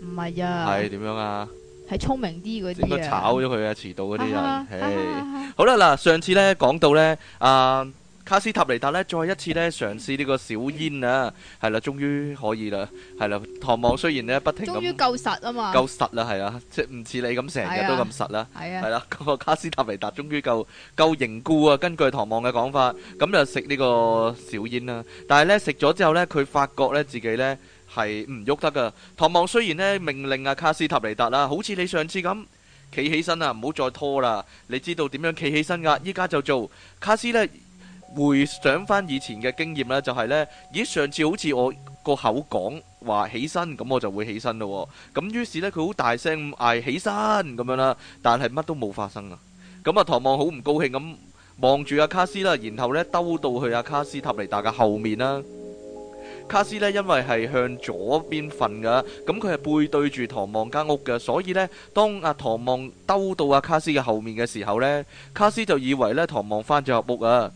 唔係啊，係點樣啊？係聰明啲嗰啲嘅，應該炒咗佢啊！遲到嗰啲人，唉，好啦嗱，上次咧講到咧，阿、啊、卡斯塔尼達咧再一次咧嘗試呢個小煙啊，係啦，終於可以啦，係啦，唐望雖然咧不停咁，終於夠實啊嘛，夠實啦，係啊，即係唔似你咁成日都咁實啦，係啊的，係啦的，個卡斯塔尼達終於夠夠凝固啊！根據唐望嘅講法，咁就食呢個小煙啦、啊，但係咧食咗之後咧，佢發覺咧自己咧。係唔喐得噶，唐望雖然咧命令阿卡斯塔尼達啦，好似你上次咁企起身啊，唔好再拖啦。你知道點樣企起身噶？依家就做。卡斯咧回想翻以前嘅經驗啦，就係呢：咦，上次好似我個口講話起身，咁我就會起身咯喎。咁於是呢，佢好大聲嗌起身咁樣啦，但係乜都冇發生啊。咁啊，唐望好唔高興咁望住阿卡斯啦，然後呢，兜到去阿卡斯塔尼達嘅後面啦。卡斯呢，因為係向左邊瞓噶，咁佢係背對住唐望間屋嘅，所以呢，當阿、啊、唐望兜到阿、啊、卡斯嘅後面嘅時候呢，卡斯就以為呢唐望翻咗入屋啊！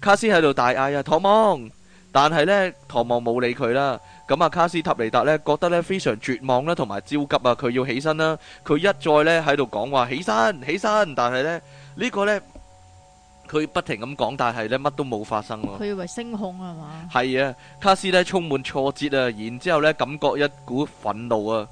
卡斯喺度大嗌啊，唐望！但係呢，唐望冇理佢啦。咁阿卡斯塔尼達呢，覺得呢非常絕望啦，同埋焦急啊，佢要起身啦，佢一再呢喺度講話起身，起身，但係呢，呢、這個呢。佢不停咁講，但係咧乜都冇發生咯。佢以為聲控啊嘛？係啊，卡斯咧充滿挫折啊，然之後咧感覺一股憤怒啊。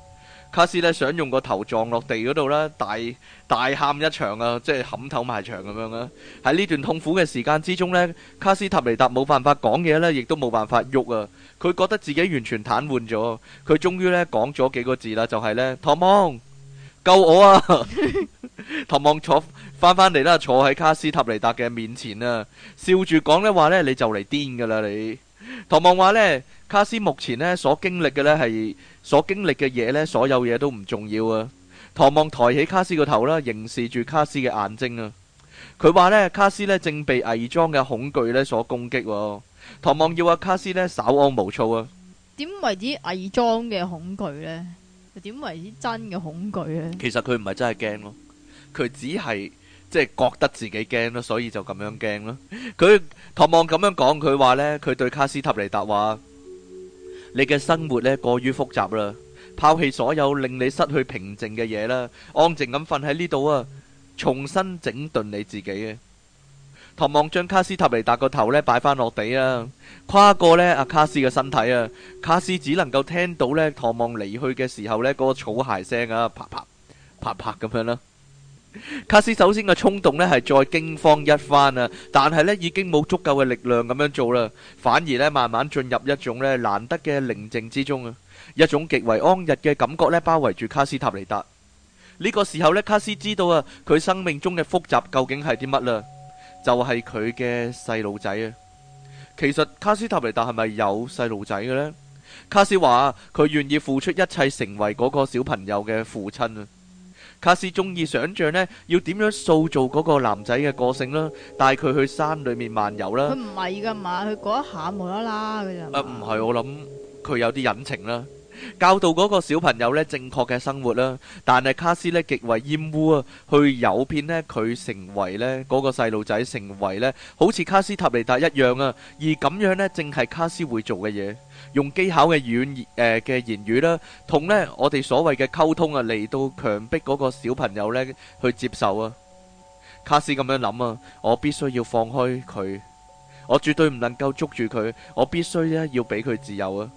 卡斯咧想用個頭撞落地嗰度啦，大大喊一場啊，即係冚頭埋牆咁樣啦。喺呢段痛苦嘅時間之中咧，卡斯塔尼達冇辦法講嘢咧，亦都冇辦法喐啊。佢覺得自己完全癱瘓咗。佢終於咧講咗幾個字啦，就係咧，唐望，救我啊！唐望，錯。翻返嚟啦，坐喺卡斯塔尼達嘅面前啊，笑住講呢話呢，你就嚟癲噶啦你。唐望話呢，卡斯目前呢所經歷嘅呢係所經歷嘅嘢呢，所有嘢都唔重要啊。唐望抬起卡斯個頭啦，凝視住卡斯嘅眼睛啊。佢話呢，卡斯呢正被偽裝嘅恐懼呢所攻擊啊。唐望要阿卡斯呢稍安勿躁啊。點為之偽裝嘅恐懼呢？又點為之真嘅恐懼呢？其實佢唔係真係驚咯，佢只係。即係覺得自己驚咯，所以就咁樣驚咯。佢唐望咁樣講，佢話呢，佢對卡斯塔尼達話，你嘅生活呢，過於複雜啦，拋棄所有令你失去平靜嘅嘢啦，安靜咁瞓喺呢度啊，重新整頓你自己啊。唐望將卡斯塔尼達個頭呢擺翻落地啊，跨過呢阿卡斯嘅身體啊，卡斯只能夠聽到呢唐望離去嘅時候呢嗰個草鞋聲啊，啪啪啪啪咁樣啦。卡斯首先嘅衝動呢，係再驚慌一番啊，但係呢，已經冇足夠嘅力量咁樣做啦，反而呢，慢慢進入一種呢難得嘅寧靜之中啊，一種極為安逸嘅感覺呢，包圍住卡斯塔尼達。呢個時候呢，卡斯知道啊，佢生命中嘅複雜究竟係啲乜啦，就係佢嘅細路仔啊。其實卡斯塔尼達係咪有細路仔嘅呢？卡斯話佢願意付出一切，成為嗰個小朋友嘅父親啊。卡斯中意想像呢，要點樣塑造嗰個男仔嘅個性啦，帶佢去山裏面漫遊啦。佢唔係噶嘛，佢嗰一下無啦啦嘅就。啊，唔係，我諗佢有啲隱情啦，教導嗰個小朋友呢，正確嘅生活啦。但係卡斯呢，極為厭惡啊，去誘騙呢，佢成為呢，嗰個細路仔，成為呢，好似卡斯塔尼達一樣啊。而咁樣呢，正係卡斯會做嘅嘢。用技巧嘅語言誒嘅言語啦，同咧我哋所謂嘅溝通啊，嚟到強迫嗰個小朋友咧去接受啊。卡斯咁樣諗啊，我必須要放開佢，我絕對唔能夠捉住佢，我必須咧要俾佢自由啊。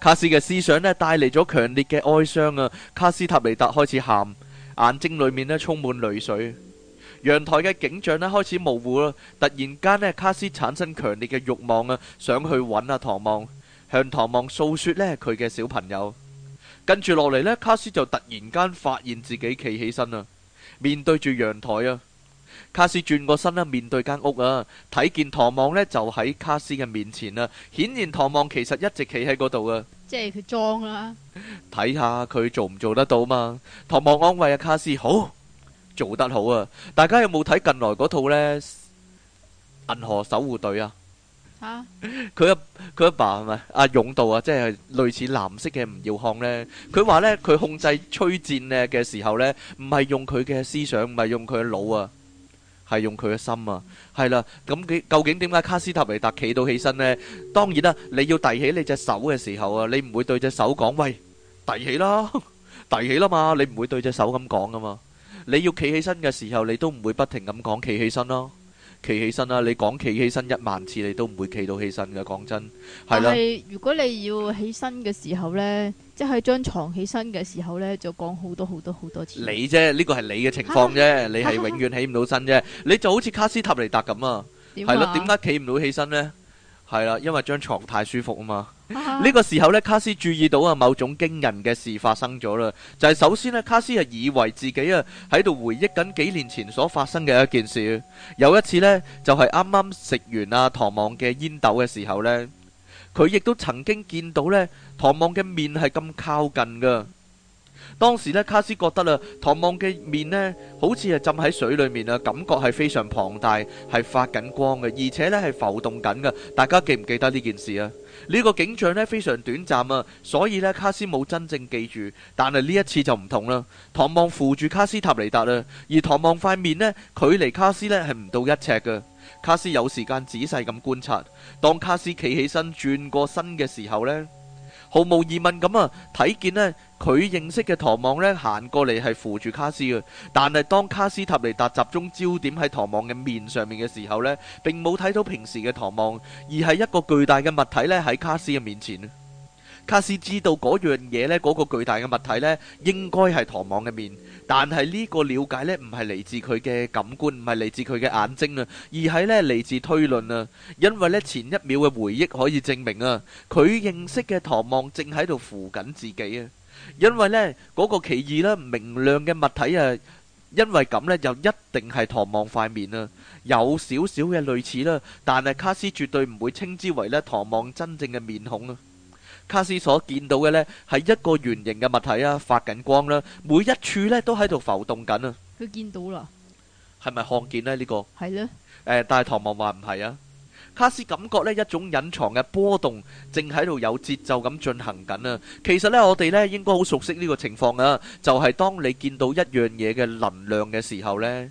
卡斯嘅思想咧帶嚟咗強烈嘅哀傷啊。卡斯塔尼達開始喊，眼睛裏面咧充滿淚水，陽台嘅景象咧開始模糊咯。突然間咧，卡斯產生強烈嘅慾望啊，想去搵阿唐望。向唐望訴說呢，佢嘅小朋友，跟住落嚟呢，卡斯就突然間發現自己企起身啦，啊，面對住陽台啊。卡斯轉過身啦，啊，面對間屋啊，睇見唐望呢，就喺卡斯嘅面前啦，啊。顯然唐望其實一直企喺嗰度啊，即係佢裝啦。睇下佢做唔做得到嘛？唐望安慰阿，啊、卡斯：好，做得好啊！大家有冇睇近來嗰套呢？《銀河守護隊》啊？佢阿佢阿爸係咪阿勇道啊？即係類似藍色嘅，唔要項呢。佢話呢，佢控制催戰咧嘅時候呢，唔係用佢嘅思想，唔係用佢嘅腦啊，係用佢嘅心啊。係啦，咁究竟點解卡斯塔維達企到起身呢？當然啦，你要提起你隻手嘅時候啊，你唔會對隻手講喂，提起啦，提起啦嘛，你唔會對隻手咁講噶嘛。你要企起身嘅時候，你都唔會不停咁講企起身咯。企起身啦、啊！你講企起身一萬次，你都唔會企到起身嘅。講真，係啦。但係如果你要起身嘅時候呢，即係張床起身嘅時候呢，就講、是、好多好多好多次。你啫，呢個係你嘅情況啫，啊、你係永遠起唔到身啫。啊、你就好似卡斯塔尼達咁啊。點啊？點解企唔到起身呢？係啦，因為張床太舒服啊嘛。呢個時候呢，卡斯注意到啊，某種驚人嘅事發生咗啦。就係、是、首先呢，卡斯係以為自己啊喺度回憶緊幾年前所發生嘅一件事。有一次呢，就係啱啱食完啊唐望嘅煙斗嘅時候呢，佢亦都曾經見到呢唐望嘅面係咁靠近噶。當時呢，卡斯覺得啦，唐望嘅面呢好似係浸喺水裏面啊，感覺係非常龐大，係發緊光嘅，而且呢係浮動緊噶。大家記唔記得呢件事啊？呢個景象咧非常短暫啊，所以咧卡斯冇真正記住，但係呢一次就唔同啦。唐望扶住卡斯塔尼達啦，而唐望塊面咧距離卡斯咧係唔到一尺嘅。卡斯有時間仔細咁觀察，當卡斯企起身轉過身嘅時候咧。毫無疑問咁啊，睇見呢，佢認識嘅唐望呢行過嚟係扶住卡斯嘅，但係當卡斯塔尼達集中焦點喺唐望嘅面上面嘅時候呢，並冇睇到平時嘅唐望，而係一個巨大嘅物體呢喺卡斯嘅面前。卡斯知道嗰樣嘢咧，嗰個巨大嘅物體咧，應該係唐望嘅面，但係呢個了解咧唔係嚟自佢嘅感官，唔係嚟自佢嘅眼睛啊，而係咧嚟自推論啊，因為咧前一秒嘅回憶可以證明啊，佢認識嘅唐望正喺度扶緊自己啊，因為咧嗰個奇異啦明亮嘅物體啊，因為咁咧又一定係唐望塊面啊，有少少嘅類似啦，但係卡斯絕對唔會稱之為咧唐望真正嘅面孔啊。卡斯所見到嘅咧係一個圓形嘅物體啊，發緊光啦，每一處咧都喺度浮動緊啊！佢見到啦，係咪看見咧？呢個係咧，誒，但係唐望話唔係啊！卡斯感覺咧一種隱藏嘅波動正喺度有節奏咁進行緊啊！其實咧，我哋咧應該好熟悉呢個情況啊，就係當你見到一樣嘢嘅能量嘅時候咧。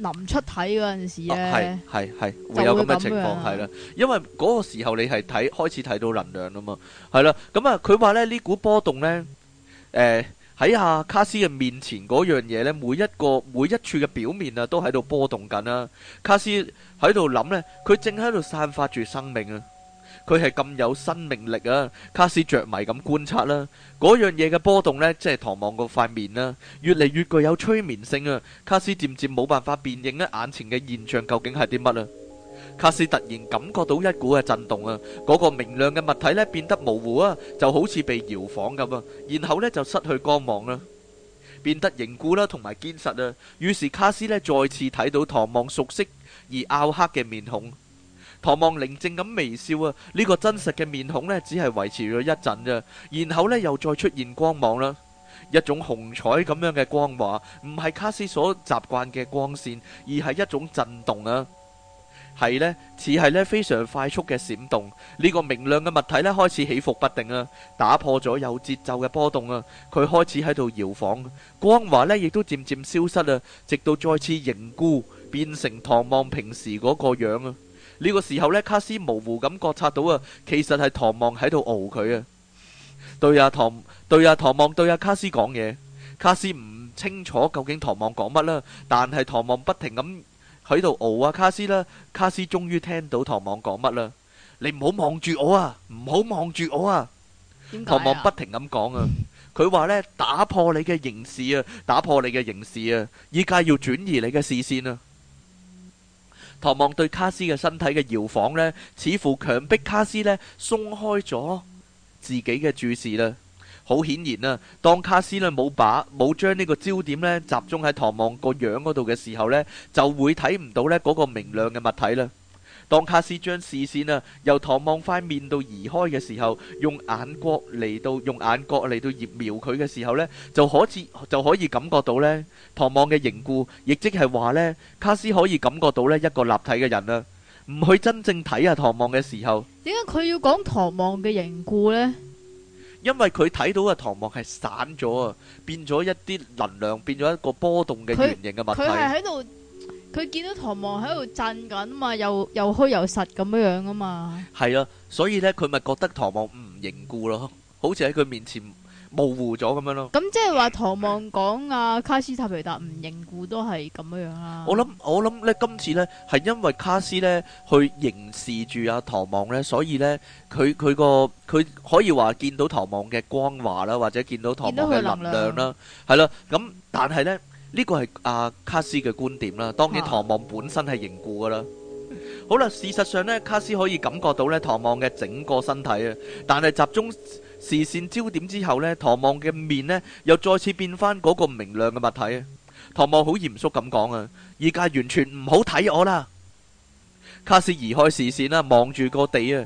臨出體嗰陣時咧，係係係會有咁嘅情況，係啦，因為嗰個時候你係睇 開始睇到能量啊嘛，係啦，咁、嗯、啊，佢話咧，呢股波動咧，誒喺阿卡斯嘅面前嗰樣嘢咧，每一個每一處嘅表面啊，都喺度波動緊啦，啊，卡斯喺度諗咧，佢正喺度散發住生命啊。佢係咁有生命力啊！卡斯着迷咁觀察啦，嗰樣嘢嘅波動咧，即係唐望嗰塊面啦，越嚟越具有催眠性啊！卡斯漸漸冇辦法辨認咧眼前嘅現象究竟係啲乜啦！卡斯突然感覺到一股嘅震動啊！嗰個明亮嘅物體咧變得模糊啊，就好似被搖晃咁啊，然後咧就失去光芒啦，變得凝固啦，同埋堅實啊！於是卡斯咧再次睇到唐望熟悉而黝黑嘅面孔。唐望寧靜咁微笑啊，呢個真實嘅面孔呢，只係維持咗一陣啫。然後呢，又再出現光芒啦，一種紅彩咁樣嘅光華，唔係卡斯所習慣嘅光線，而係一種震動啊，係呢，似係呢非常快速嘅閃動。呢個明亮嘅物體呢，開始起伏不定啊，打破咗有節奏嘅波動啊，佢開始喺度搖晃，光華呢亦都漸漸消失啊，直到再次凝固，變成唐望平時嗰個樣啊。呢個時候呢，卡斯模糊咁覺察到啊，其實係唐望喺度熬佢啊。對啊，唐對啊，唐望對啊卡，卡斯講嘢。卡斯唔清楚究竟唐望講乜啦，但係唐望不停咁喺度熬啊，卡斯啦。卡斯終於聽到唐望講乜啦。你唔好望住我啊，唔好望住我啊。唐望不停咁講啊，佢話呢，打破你嘅凝視啊，打破你嘅凝視啊，依家要轉移你嘅視線啊。唐望對卡斯嘅身體嘅搖晃呢，似乎強迫卡斯呢鬆開咗自己嘅注視啦。好顯然啊，當卡斯呢冇把冇將呢個焦點呢集中喺唐望個樣嗰度嘅時候呢，就會睇唔到呢嗰個明亮嘅物體啦。當卡斯將視線啊由唐望塊面度移開嘅時候，用眼角嚟到用眼角嚟到葉瞄佢嘅時候呢，就可接就可以感覺到呢唐望嘅凝固，亦即係話呢卡斯可以感覺到呢一個立體嘅人啊。唔去真正睇下唐望嘅時候，點解佢要講唐望嘅凝固呢？因為佢睇到嘅唐望係散咗啊，變咗一啲能量，變咗一個波動嘅圓形嘅物體。佢係喺度。佢見到唐望喺度震緊嘛，又又虛又實咁樣樣啊嘛，係 啊，所以咧佢咪覺得唐望唔凝固咯，好似喺佢面前模糊咗咁樣咯。咁即係話唐望講啊，卡斯塔皮達唔凝固都係咁樣樣、啊、啦。我諗我諗咧，今次咧係因為卡斯咧去凝視住阿唐望咧，所以咧佢佢個佢可以話見到唐望嘅光華啦，或者見到唐望嘅能量啦，係啦。咁、啊啊嗯、但係咧。呢個係阿、啊、卡斯嘅觀點啦，當然唐望本身係凝固噶啦。 好啦，事實上呢，卡斯可以感覺到呢唐望嘅整個身體啊，但係集中視線焦點之後呢，唐望嘅面呢又再次變翻嗰個明亮嘅物體啊。唐望好嚴肅咁講啊，而家完全唔好睇我啦。卡斯移開視線啦，望住個地啊。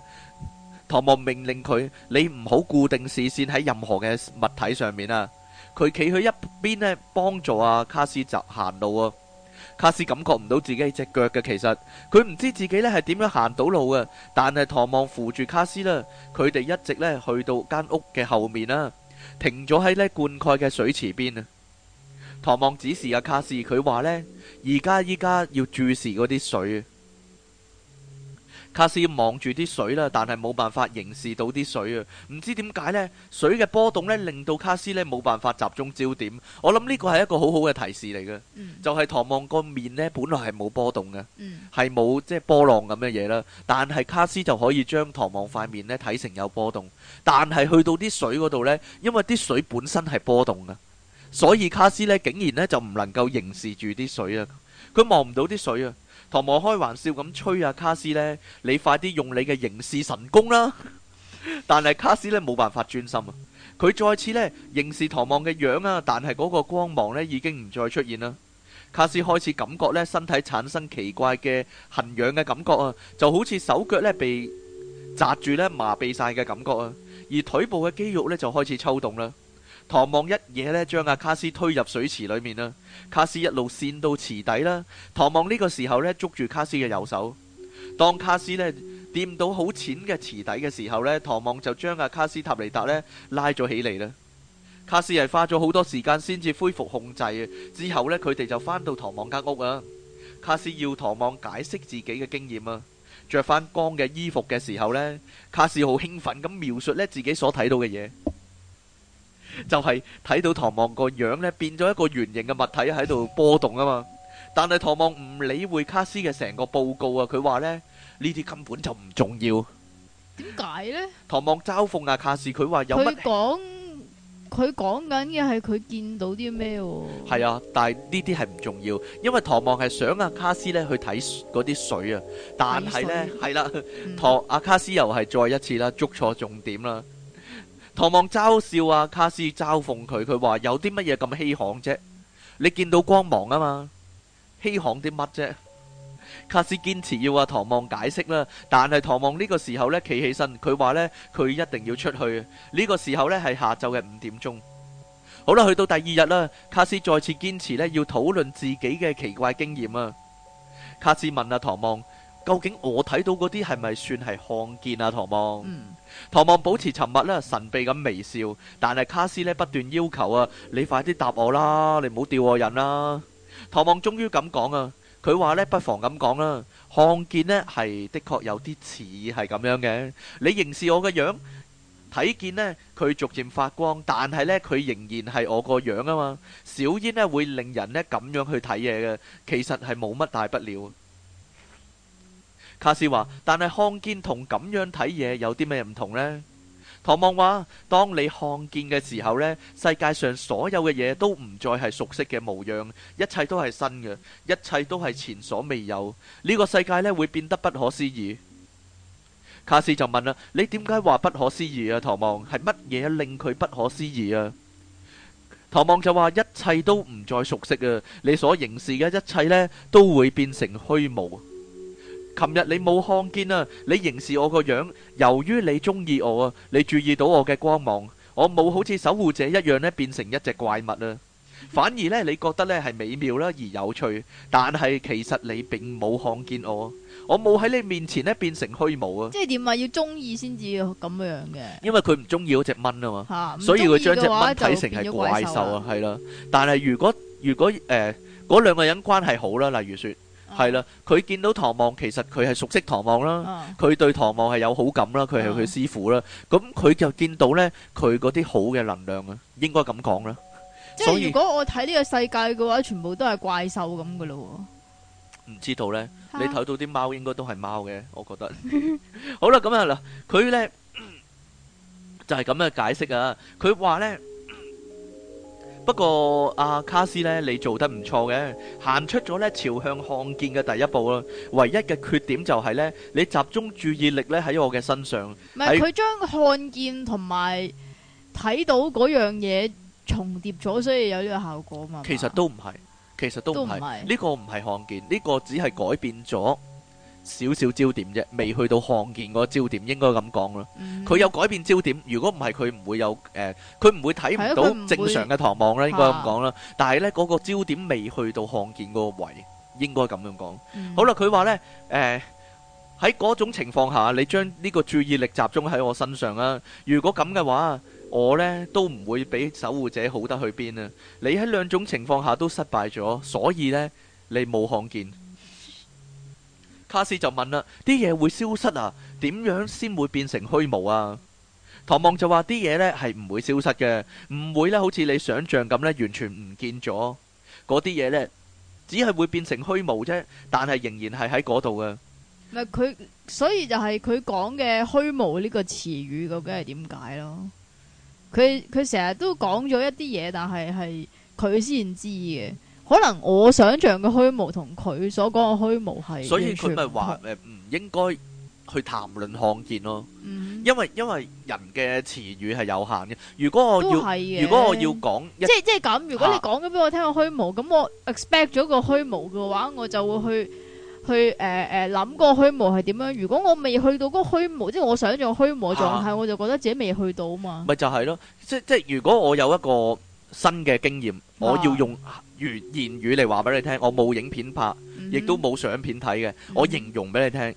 唐望命令佢：你唔好固定視線喺任何嘅物體上面啊。佢企喺一邊咧，幫助阿卡斯就行路啊！卡斯感覺唔到自己隻腳嘅，其實佢唔知自己咧係點樣行到路啊。但係唐望扶住卡斯啦，佢哋一直咧去到間屋嘅後面啊，停咗喺咧灌溉嘅水池邊啊！唐望指示阿卡斯，佢話呢：「而家依家要注視嗰啲水。卡斯望住啲水啦，但係冇辦法凝視到啲水啊！唔知點解呢，水嘅波動咧，令到卡斯咧冇辦法集中焦點。我諗呢個係一個好好嘅提示嚟嘅，就係唐望個面呢，本來係冇波動嘅，係冇即係波浪咁嘅嘢啦。但係卡斯就可以將唐望塊面咧睇成有波動。但係去到啲水嗰度呢，因為啲水本身係波動嘅，所以卡斯咧竟然呢，就唔能夠凝視住啲水啊！佢望唔到啲水啊！唐望開玩笑咁吹啊，卡斯呢，你快啲用你嘅凝視神功啦！ 但係卡斯呢，冇辦法專心啊，佢再次呢，凝視唐望嘅樣啊，但係嗰個光芒呢，已經唔再出現啦。卡斯開始感覺呢，身體產生奇怪嘅痕癢嘅感覺啊，就好似手腳呢，被紮住呢，麻痹晒嘅感覺啊，而腿部嘅肌肉呢，就開始抽動啦。唐望一嘢咧，將阿卡斯推入水池裏面啦。卡斯一路跣到池底啦。唐望呢個時候咧，捉住卡斯嘅右手。當卡斯咧掂到好淺嘅池底嘅時候咧，唐望就將阿卡斯塔尼達咧拉咗起嚟啦。卡斯係花咗好多時間先至恢復控制啊。之後咧，佢哋就返到唐望間屋啊。卡斯要唐望解釋自己嘅經驗啊。着返光嘅衣服嘅時候咧，卡斯好興奮咁描述咧自己所睇到嘅嘢。就係睇到唐望個樣咧，變咗一個圓形嘅物體喺度波動啊嘛！但係唐望唔理會卡斯嘅成個報告啊，佢話咧呢啲根本就唔重要。點解咧？唐望嘲諷阿卡斯，佢話有乜？佢講佢講緊嘅係佢見到啲咩？係啊，但係呢啲係唔重要，因為唐望係想阿卡斯咧去睇嗰啲水啊，但係咧係啦，唐阿卡斯又係再一次啦，捉錯重點啦。唐望嘲笑啊，卡斯嘲諷佢，佢話有啲乜嘢咁稀罕啫？你見到光芒啊嘛，稀罕啲乜啫？卡斯堅持要阿唐望解釋啦，但係唐望呢個時候呢，企起身，佢話呢，佢一定要出去。呢個時候呢，係下晝嘅五點鐘。好啦，去到第二日啦，卡斯再次堅持呢，要討論自己嘅奇怪經驗啊。卡斯問阿唐望。究竟我睇到嗰啲係咪算係看見啊？唐望，嗯、唐望保持沉默咧，神秘咁微笑。但係卡斯呢不斷要求啊，你快啲答我啦，你唔好吊我癮啦。唐望終於咁講啊，佢話呢，不妨咁講啦，看見呢係的確有啲似係咁樣嘅。你凝視我嘅樣，睇見呢佢逐漸發光，但係呢佢仍然係我個樣啊嘛。小煙呢會令人呢咁樣去睇嘢，嘅，其實係冇乜大不了。卡斯話：但係看見同咁樣睇嘢，有啲咩唔同呢？唐望話：當你看見嘅時候呢，世界上所有嘅嘢都唔再係熟悉嘅模樣，一切都係新嘅，一切都係前所未有。呢個世界呢會變得不可思議。卡斯就問啦：你點解話不可思議啊？唐望係乜嘢令佢不可思議啊？唐望就話：一切都唔再熟悉啊，你所凝視嘅一切呢，都會變成虛無。琴日你冇看見啊！你凝視我個樣，由於你中意我啊，你注意到我嘅光芒。我冇好似守護者一樣咧，變成一隻怪物啊！反而咧，你覺得咧係美妙啦，而有趣。但係其實你並冇看見我，我冇喺你面前咧變成虛無啊！即係點話？要中意先至要咁樣嘅。因為佢唔中意嗰隻蚊啊嘛，所以佢將隻蚊睇成係怪獸啊，係啦。但係如果如果誒嗰兩個人關係好啦，例如說。係啦，佢見、嗯、到唐望，其實佢係熟悉唐望啦，佢、嗯、對唐望係有好感啦，佢係佢師傅啦。咁佢、嗯、就見到咧，佢嗰啲好嘅能量啊，應該咁講啦。即係所以，如果我睇呢個世界嘅話，全部都係怪獸咁嘅咯。唔知道咧，哈你睇到啲貓應該都係貓嘅，我覺得。 好啦，咁啊啦，佢咧、嗯、就係咁樣解釋啊。佢話咧。不過，阿、啊、卡斯咧，你做得唔錯嘅，行出咗咧朝向看見嘅第一步咯。唯一嘅缺點就係咧，你集中注意力咧喺我嘅身上。唔係佢將看見同埋睇到嗰樣嘢重疊咗，所以有呢個效果嘛。其實都唔係，其實都唔係呢個唔係看見，呢、呢個只係改變咗、嗯。少少焦點啫，未去到看見嗰焦點，應該咁講咯。佢、嗯、有改變焦點，如果唔係佢唔會有誒，佢、呃、唔會睇唔到正常嘅唐望啦。應該咁講啦。啊、但係呢嗰、嗰個焦點未去到看見嗰個位，應該咁樣講。嗯、好啦，佢話呢，誒喺嗰種情況下，你將呢個注意力集中喺我身上啦、啊。如果咁嘅話，我呢都唔會俾守護者好得去邊啊！你喺兩種情況下都失敗咗，所以呢，你冇看見。卡斯就問啦：啲嘢會消失啊？點樣先會變成虛無啊？唐望就話：啲嘢呢係唔會消失嘅，唔會咧，好似你想象咁呢，完全唔見咗。嗰啲嘢呢，只係會變成虛無啫，但係仍然係喺嗰度嘅。唔係佢，所以就係佢講嘅虛無呢個詞語究竟係點解咯？佢佢成日都講咗一啲嘢，但係係佢先知嘅。可能我想象嘅虛無同佢所講嘅虛無係唔同，所以佢咪話誒唔應該去談論看見咯，嗯、因為因為人嘅詞語係有限嘅。如果我要，如果我要講即，即即係咁。如果你講咗俾我聽虛、啊、我個虛無，咁我 expect 咗個虛無嘅話，我就會去去誒誒諗個虛無係點樣。如果我未去到嗰個虛無，即我想象虛無狀態，啊、我就覺得自己未去到啊嘛。咪、啊、就係咯、就是，即即如果我有一個新嘅經驗，我要用、啊。啊啊如言語嚟話俾你聽，我冇影片拍，mm hmm. 亦都冇相片睇嘅，mm hmm. 我形容俾你聽。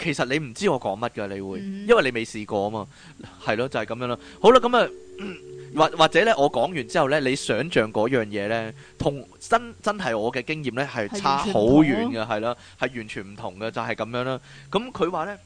其實你唔知我講乜嘅，你會，mm hmm. 因為你未試過啊嘛。係咯，就係、是、咁樣啦。好啦，咁啊、嗯，或或者咧，我講完之後咧，你想像嗰樣嘢咧，同真真係我嘅經驗咧，係差好遠嘅，係啦，係完全唔同嘅，就係、是、咁樣啦。咁佢話咧。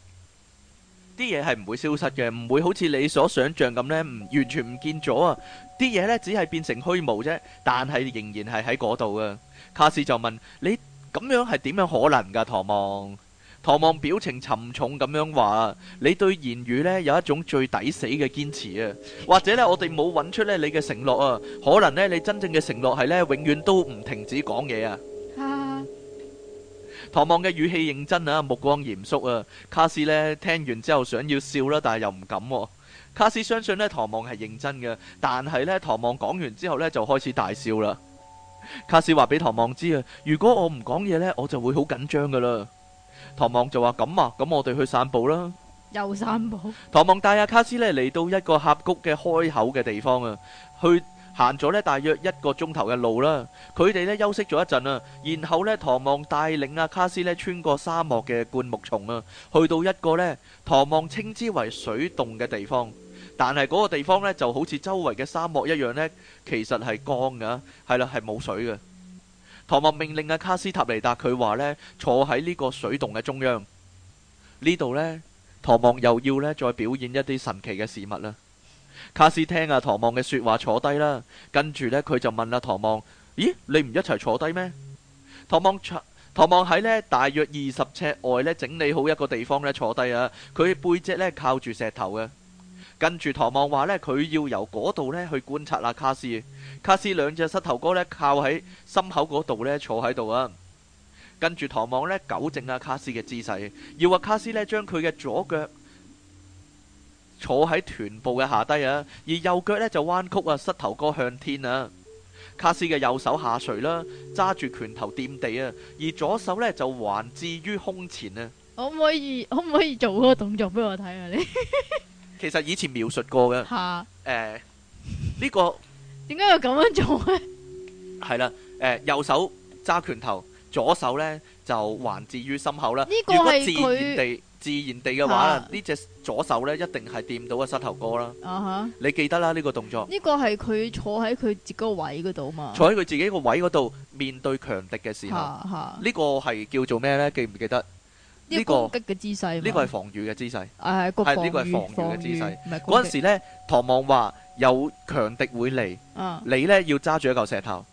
啲嘢係唔會消失嘅，唔會好似你所想象咁呢，唔完全唔見咗啊！啲嘢呢，只係變成虛無啫，但係仍然係喺嗰度啊。卡斯就問：你咁樣係點樣可能噶？唐望，唐望表情沉重咁樣話：你對言語呢，有一種最抵死嘅堅持啊！或者呢，我哋冇揾出呢你嘅承諾啊，可能呢，你真正嘅承諾係呢，永遠都唔停止講嘢啊！唐望嘅語氣認真啊，目光嚴肅啊。卡斯呢聽完之後想要笑啦，但係又唔敢哦。卡斯相信呢，唐望係認真嘅，但係呢，唐望講完之後呢，就開始大笑啦。卡斯話俾唐望知啊，如果我唔講嘢呢，我就會好緊張噶啦。唐望就話咁啊，咁我哋去散步啦。又散步？唐望帶阿卡斯呢嚟到一個峽谷嘅開口嘅地方啊，去。行咗呢大約一個鐘頭嘅路啦，佢哋呢休息咗一陣啊，然後呢，唐望帶領阿、啊、卡斯呢穿過沙漠嘅灌木叢啊，去到一個呢唐望稱之為水洞嘅地方，但係嗰個地方呢，就好似周圍嘅沙漠一樣呢，其實係乾噶，係啦係冇水嘅。唐望命令阿、啊、卡斯塔尼達，佢話呢坐喺呢個水洞嘅中央，呢度呢，唐望又要呢再表演一啲神奇嘅事物啦。卡斯聽阿唐望嘅說話坐低啦，跟住呢，佢就問阿唐望，咦，你唔一齊坐低咩？唐望唐望喺呢大約二十尺外呢整理好一個地方坐，呢坐低啊，佢背脊呢靠住石頭嘅，跟住唐望話呢，佢要由嗰度呢去觀察阿卡斯，卡斯兩隻膝頭哥呢靠喺心口嗰度呢坐喺度啊，跟住唐望呢糾正阿卡斯嘅姿勢，要話卡斯呢將佢嘅左腳。坐喺臀部嘅下低啊，而右腳咧就彎曲啊，膝頭哥向天啊。卡斯嘅右手下垂啦、啊，揸住拳頭掂地啊，而左手咧就橫置於胸前啊。可唔可以可唔可以做嗰個動作俾我睇下、啊？你 其實以前描述過嘅吓，誒呢、 呃這個點解要咁樣做咧？係 啦，誒、呃、右手揸拳頭，左手咧就橫置於心口啦、啊。呢這個係佢。自然地嘅話，呢隻左手咧一定係掂到個膝頭哥啦。啊哈！你記得啦，呢個動作。呢個係佢坐喺佢自己個位嗰度嘛？坐喺佢自己個位嗰度，面對強敵嘅時候，呢個係叫做咩呢？記唔記得？呢個攻擊嘅姿勢，呢個係防禦嘅姿勢。誒呢個係防禦嘅姿勢。嗰陣時咧，唐望話有強敵會嚟，你呢要揸住一嚿石頭。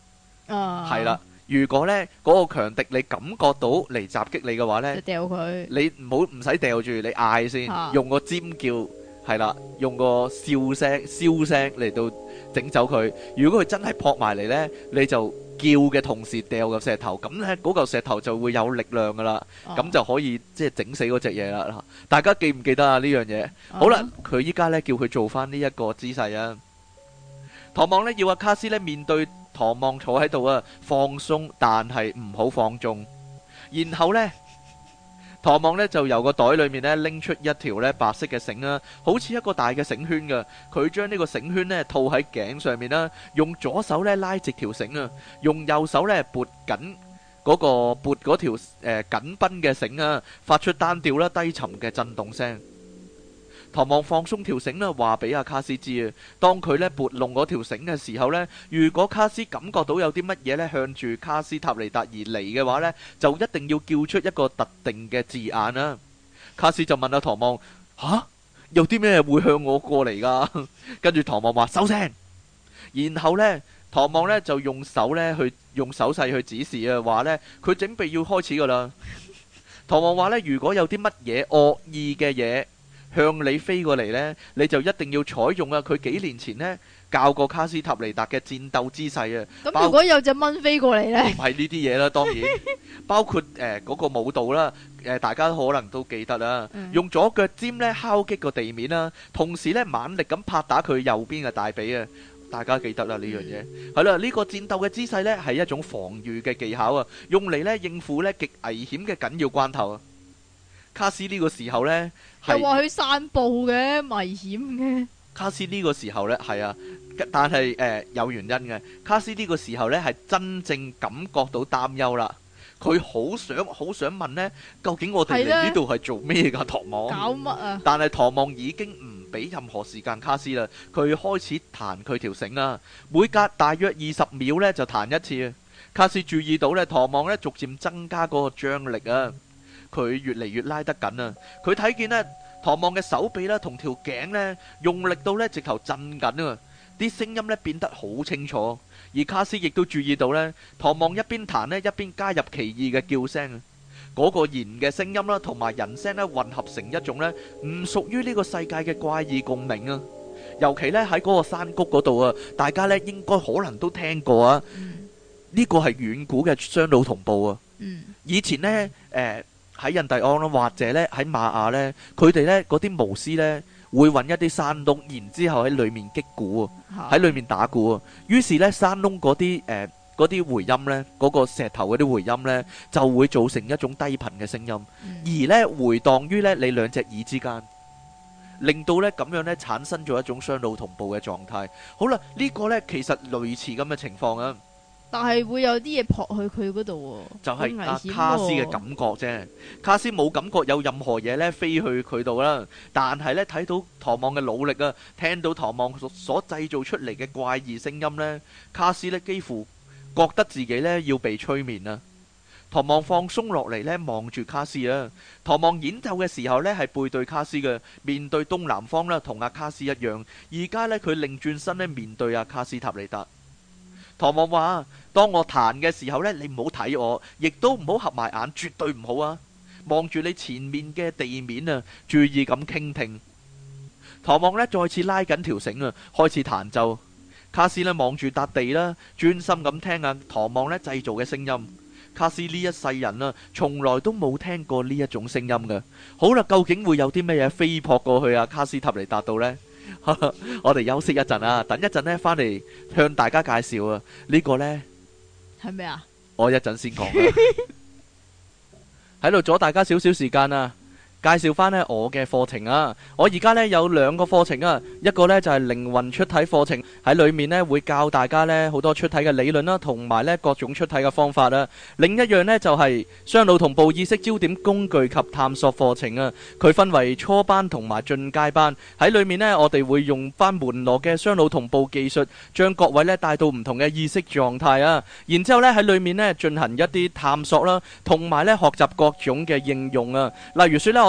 啊，係啦。如果呢嗰、那個強敵你感覺到嚟襲擊你嘅話呢，他你唔好唔使掉住，你嗌先，啊、用個尖叫係啦，用個笑聲、笑聲嚟到整走佢。如果佢真係撲埋嚟呢，你就叫嘅同時掉個石頭，咁呢，嗰、那、嚿、個、石頭就會有力量噶啦，咁、啊、就可以即係整死嗰隻嘢啦。大家記唔記得啊呢樣嘢？啊、好啦，佢依家呢叫佢做翻呢一個姿勢啊。唐望呢要阿卡斯呢面對。唐望坐喺度啊，放鬆，但係唔好放縱。然後咧，唐望咧就由個袋裏面咧拎出一條咧白色嘅繩啊，好似一個大嘅繩圈噶。佢將呢個繩圈咧套喺頸上面啦，用左手咧拉直條繩啊，用右手咧撥緊嗰個撥嗰條誒緊繃嘅繩啊，發出單調啦低沉嘅震動聲。唐望放鬆條繩啦，話俾阿卡斯知啊。當佢咧撥弄嗰條繩嘅時候呢，如果卡斯感覺到有啲乜嘢咧向住卡斯塔尼達而嚟嘅話呢，就一定要叫出一個特定嘅字眼啦。卡斯就問阿唐望：吓、啊、有啲咩會向我過嚟噶？跟住唐望話：收聲。然後呢，唐望呢就用手咧去用手勢去指示啊，話咧佢準備要開始噶啦。唐望話咧：如果有啲乜嘢惡意嘅嘢，向你飛過嚟咧，你就一定要採用啊！佢幾年前咧教過卡斯塔尼達嘅戰鬥姿勢啊。咁如果有隻蚊飛過嚟咧，唔係呢啲嘢啦，當然包括誒嗰個舞蹈啦。誒，大家可能都記得啦，用左腳尖咧敲擊個地面啦，同時咧猛力咁拍打佢右邊嘅大髀啊！大家記得啦，呢樣嘢係啦，呢個戰鬥嘅姿勢咧係一種防禦嘅技巧啊，用嚟咧應付咧極危險嘅緊要關頭啊！卡斯呢個時候呢，係話去散步嘅，危險嘅。卡斯呢個時候呢，係啊，但係誒、呃、有原因嘅。卡斯呢個時候呢，係真正感覺到擔憂啦。佢好想好想問咧，究竟我哋嚟呢度係做咩噶？唐望搞乜啊？但係唐望已經唔俾任何時間卡斯啦。佢開始彈佢條繩啊，每隔大約二十秒呢就彈一次。卡斯注意到呢，唐望呢逐漸增加嗰個張力啊。嗯佢越嚟越拉得緊啊！佢睇見咧，唐望嘅手臂咧同條頸咧，用力到咧直頭震緊啊！啲聲音咧變得好清楚，而卡斯亦都注意到咧，唐望一邊彈咧一邊加入奇異嘅叫聲啊！嗰個弦嘅聲音啦，同埋人聲咧混合成一種咧唔屬於呢個世界嘅怪異共鳴啊！尤其咧喺嗰個山谷嗰度啊，大家咧應該可能都聽過啊！呢個係遠古嘅雙腦同步啊！以前咧，誒。喺印第安啦，或者咧喺馬雅呢，佢哋呢嗰啲巫師呢，會揾一啲山窿，然之後喺裏面擊鼓喺裏、嗯、面打鼓，於是呢，山窿嗰啲誒嗰啲回音呢，嗰、嗰個石頭嗰啲回音呢，就會造成一種低頻嘅聲音，嗯、而呢，回盪於呢你兩隻耳之間，令到呢咁樣呢產生咗一種雙腦同步嘅狀態。好啦，呢、呢個呢，其實類似咁嘅情況啊。但係會有啲嘢撲去佢嗰度喎，就係阿、啊哦、卡斯嘅感覺啫。卡斯冇感覺有任何嘢呢飛去佢度啦。但係呢，睇到唐望嘅努力啊，聽到唐望所製造出嚟嘅怪異聲音呢，卡斯呢幾乎覺得自己呢要被催眠啊。唐望放鬆落嚟呢，望住卡斯啊。唐望演奏嘅時候呢係背對卡斯嘅，面對東南方呢同阿、啊、卡斯一樣。而家呢，佢擰轉身呢面對阿、啊、卡斯塔利達。唐望話：當我彈嘅時候呢，你唔好睇我，亦都唔好合埋眼，絕對唔好啊！望住你前面嘅地面啊，注意咁傾聽。唐望呢，再次拉緊條繩啊，開始彈奏。卡斯呢，望住笪地啦，專心咁聽啊。唐望呢，製造嘅聲音，卡斯呢一世人啊，從來都冇聽過呢一種聲音嘅。好啦，究竟會有啲咩嘢飛撲過去啊？卡斯塔尼達到呢。 我哋休息一陣啊，等一陣呢返嚟向大家介紹啊，呢個呢，係咩啊？我一陣先講，喺度阻大家少少時間啊！介紹翻呢我嘅課程啊！我而家呢有兩個課程啊，一個呢就係靈魂出體課程，喺裡面呢會教大家呢好多出體嘅理論啦，同埋呢各種出體嘅方法啊。另一樣呢就係雙腦同步意識焦點工具及探索課程啊，佢分為初班同埋進階班。喺裡面呢，我哋會用翻門羅嘅雙腦同步技術，將各位呢帶到唔同嘅意識狀態啊。然之後呢，喺裡面呢進行一啲探索啦，同埋呢學習各種嘅應用啊，例如説呢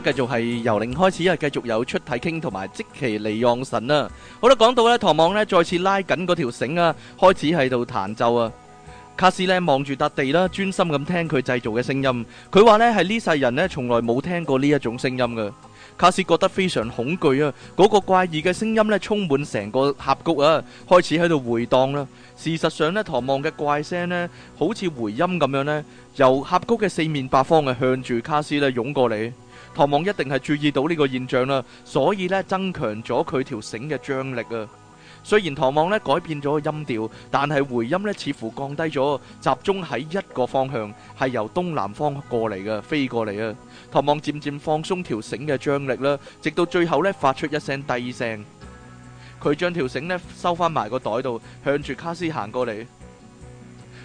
繼續係由零開始，係繼續有出體傾同埋即其嚟讓神啦。好啦，講到咧，唐望咧再次拉緊嗰條繩啊，開始喺度彈奏啊。卡斯咧望住笪地啦，專心咁聽佢製造嘅聲音。佢話呢係呢世人咧從來冇聽過呢一種聲音噶。卡斯覺得非常恐懼啊！嗰、那個怪異嘅聲音咧充滿成個峽谷啊，開始喺度迴蕩啦。事實上咧，唐望嘅怪聲咧好似回音咁樣咧，由峽谷嘅四面八方嘅向住卡斯咧湧過嚟。唐望一定係注意到呢個現象啦，所以呢，增強咗佢條繩嘅張力啊。雖然唐望呢改變咗個音調，但係回音呢，似乎降低咗，集中喺一個方向，係由東南方過嚟嘅，飛過嚟啊。唐望漸漸放鬆條繩嘅張力啦，直到最後呢，發出一聲低聲，佢將條繩呢收翻埋個袋度，向住卡斯行過嚟。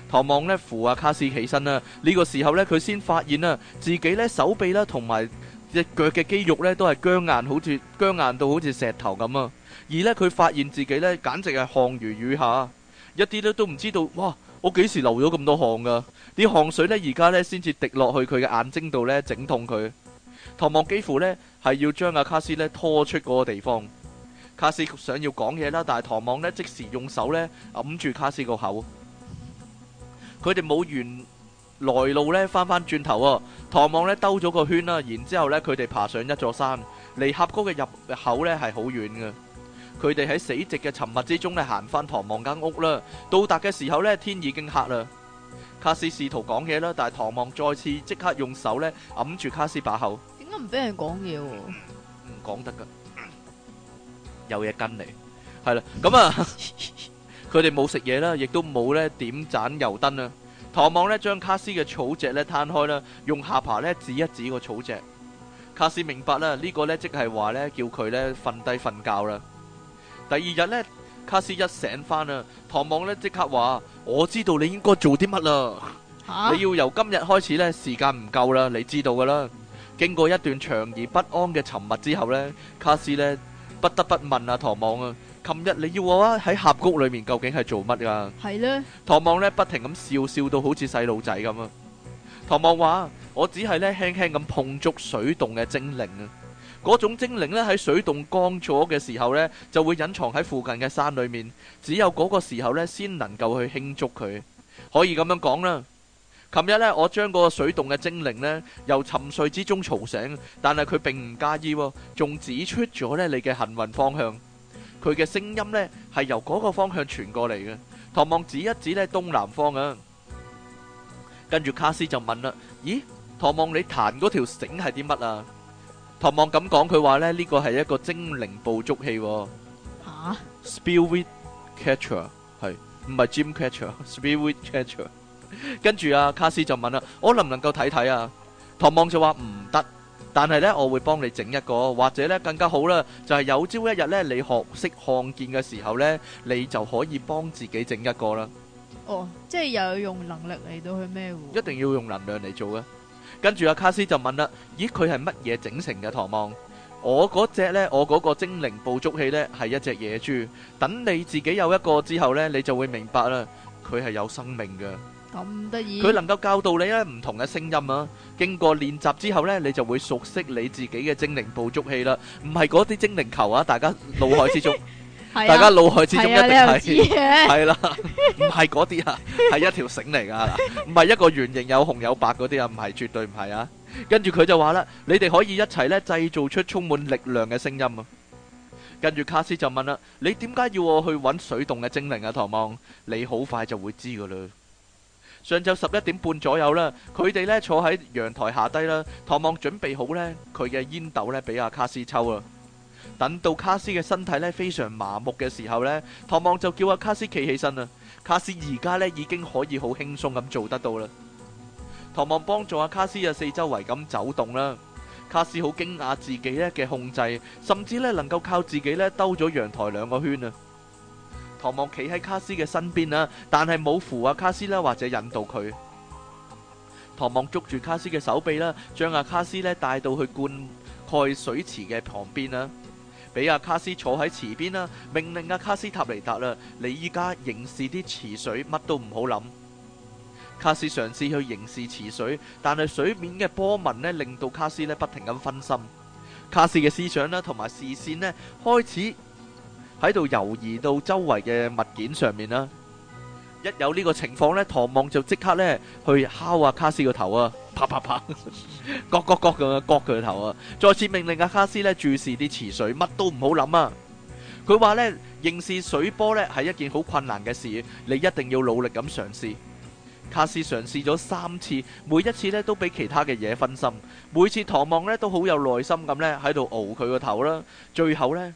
唐望呢，扶阿卡斯起身啦，呢個時候呢，佢先發現啊，自己呢手臂啦同埋。隻腳嘅肌肉呢都係僵硬，好似僵硬到好似石頭咁啊！而呢，佢發現自己呢簡直係汗如雨下，一啲呢都唔知道，哇！我幾時流咗咁多汗噶？啲汗水呢而家呢先至滴落去佢嘅眼睛度呢，整痛佢。唐望幾乎呢係要將阿卡斯呢拖出嗰個地方，卡斯想要講嘢啦，但係唐望呢即時用手呢揞住卡斯個口，佢哋冇完來路呢，翻翻轉頭啊。唐望呢，兜咗個圈啦，然之後呢佢哋爬上一座山，離峽谷嘅入口呢，係好遠嘅。佢哋喺死寂嘅沉默之中呢，行翻唐望間屋啦。到達嘅時候呢，天已經黑啦。卡斯試圖講嘢啦，但係唐望再次即刻用手呢，揞住卡斯把口。點解唔俾人講嘢？唔講得噶，有嘢跟嚟。係啦，咁啊，佢哋冇食嘢啦，亦都冇呢點盞油燈啊。唐望咧將卡斯嘅草席咧攤開啦，用下巴咧指一指個草席。卡斯明白啦，這個、呢個咧即係話咧叫佢咧瞓低，瞓教啦。第二日咧，卡斯一醒翻啊，唐望咧即刻話：我知道你應該做啲乜啦，啊、你要由今日開始咧，時間唔夠啦，你知道噶啦。經過一段長而不安嘅沉默之後咧，卡斯咧不得不問啊，唐望啊。琴日你要我啊，喺峽谷裏面究竟係做乜噶？係咧，唐望咧不停咁笑，笑到好似細路仔咁啊。唐望話：我只係咧輕輕咁碰觸水洞嘅精靈啊。嗰種精靈咧喺水洞乾咗嘅時候咧，就會隱藏喺附近嘅山裏面。只有嗰個時候咧，先能夠去輕觸佢。可以咁樣講啦。琴日咧，我將嗰個水洞嘅精靈咧由沉睡之中吵醒，但係佢並唔介意，仲指出咗咧你嘅幸運方向。佢嘅聲音咧係由嗰個方向傳過嚟嘅。唐望指一指咧東南方啊，跟住卡斯就問啦：咦，唐望你彈嗰條繩係啲乜啊？唐望咁講，佢話咧呢個係一個精靈捕捉器。嚇！Spirit Catcher 係唔係 Jim Catcher？Spirit Catcher。跟住啊，卡斯就問啦：我能唔能夠睇睇啊？唐望就話唔得。但係咧，我會幫你整一個，或者咧更加好啦，就係有朝一日咧，你學識看見嘅時候咧，你就可以幫自己整一個啦。哦，即係又要用能力嚟到去咩？一定要用能量嚟做嘅。跟住阿卡斯就問啦：「咦，佢係乜嘢整成嘅？唐望，我嗰隻咧，我嗰個精靈捕捉器咧，係一隻野豬。等你自己有一個之後咧，你就會明白啦，佢係有生命嘅。咁得意，佢能夠教導你咧唔同嘅聲音啊。經過練習之後咧，你就會熟悉你自己嘅精靈捕捉器啦。唔係嗰啲精靈球啊，大家腦海之中，大家腦海之中一定係，係啦，唔係嗰啲啊，係一條繩嚟噶，唔係一個圓形有紅有白嗰啲啊，唔係絕對唔係啊。跟住佢就話啦，你哋可以一齊咧製造出充滿力量嘅聲音啊。跟住卡斯就問啦，你點解要我去搵水洞嘅精靈啊？唐望，你好快就會知噶啦。上晝十一點半左右啦，佢哋咧坐喺陽台下低啦，唐望準備好咧佢嘅煙斗咧俾阿卡斯抽啊。等到卡斯嘅身體咧非常麻木嘅時候咧，唐望就叫阿卡斯企起身啦。卡斯而家咧已經可以好輕鬆咁做得到啦。唐望幫助阿卡斯啊四周圍咁走動啦。卡斯好驚訝自己咧嘅控制，甚至咧能夠靠自己咧兜咗陽台兩個圈啊。唐望企喺卡斯嘅身邊啦，但係冇扶阿卡斯啦，或者引導佢。唐望捉住卡斯嘅手臂啦，將阿卡斯咧帶到去灌溉水池嘅旁邊啦，俾阿卡斯坐喺池邊啦，命令阿卡斯塔尼達啦，你依家凝視啲池水，乜都唔好諗。卡斯嘗試去凝視池水，但係水面嘅波紋咧，令到卡斯咧不停咁分心。卡斯嘅思想啦，同埋視線咧，開始。喺度游移到周圍嘅物件上面啦、啊，一有呢個情況呢，唐望就即刻呢去敲阿、啊、卡斯個頭啊，啪啪啪，摑摑摑佢個割佢個頭啊！再次命令阿、啊、卡斯呢，注視啲池水，乜都唔好諗啊！佢話呢，認識水波呢係一件好困難嘅事，你一定要努力咁嘗試。卡斯嘗試咗三次，每一次呢都俾其他嘅嘢分心，每次唐望呢都好有耐心咁呢，喺度熬佢個頭啦、啊。最後呢。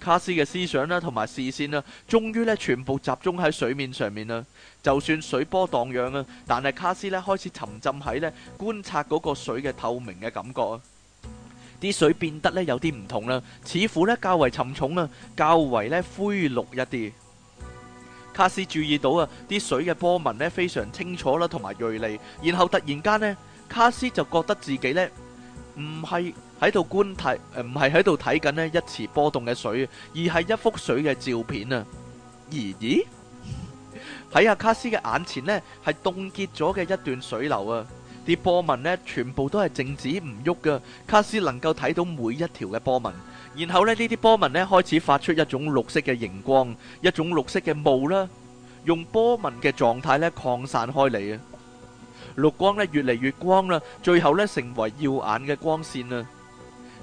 卡斯嘅思想啦，同埋視線啦，終於咧全部集中喺水面上面啦。就算水波蕩漾啊，但係卡斯咧開始沉浸喺咧觀察嗰個水嘅透明嘅感覺啊。啲水變得咧有啲唔同啦，似乎咧較為沉重啊，較為咧灰綠一啲。卡斯注意到啊，啲水嘅波紋咧非常清楚啦，同埋銳利。然後突然間咧，卡斯就覺得自己咧。唔係喺度觀睇，唔係喺度睇緊呢一池波動嘅水，而係一幅水嘅照片啊！咦？睇 下卡斯嘅眼前呢，係凍結咗嘅一段水流啊！啲波紋呢，全部都係靜止唔喐噶。卡斯能夠睇到每一條嘅波紋，然後呢呢啲波紋呢，開始發出一種綠色嘅熒光，一種綠色嘅霧啦，用波紋嘅狀態呢，擴散開嚟啊！綠光咧越嚟越光啦，最後咧成為耀眼嘅光線啦，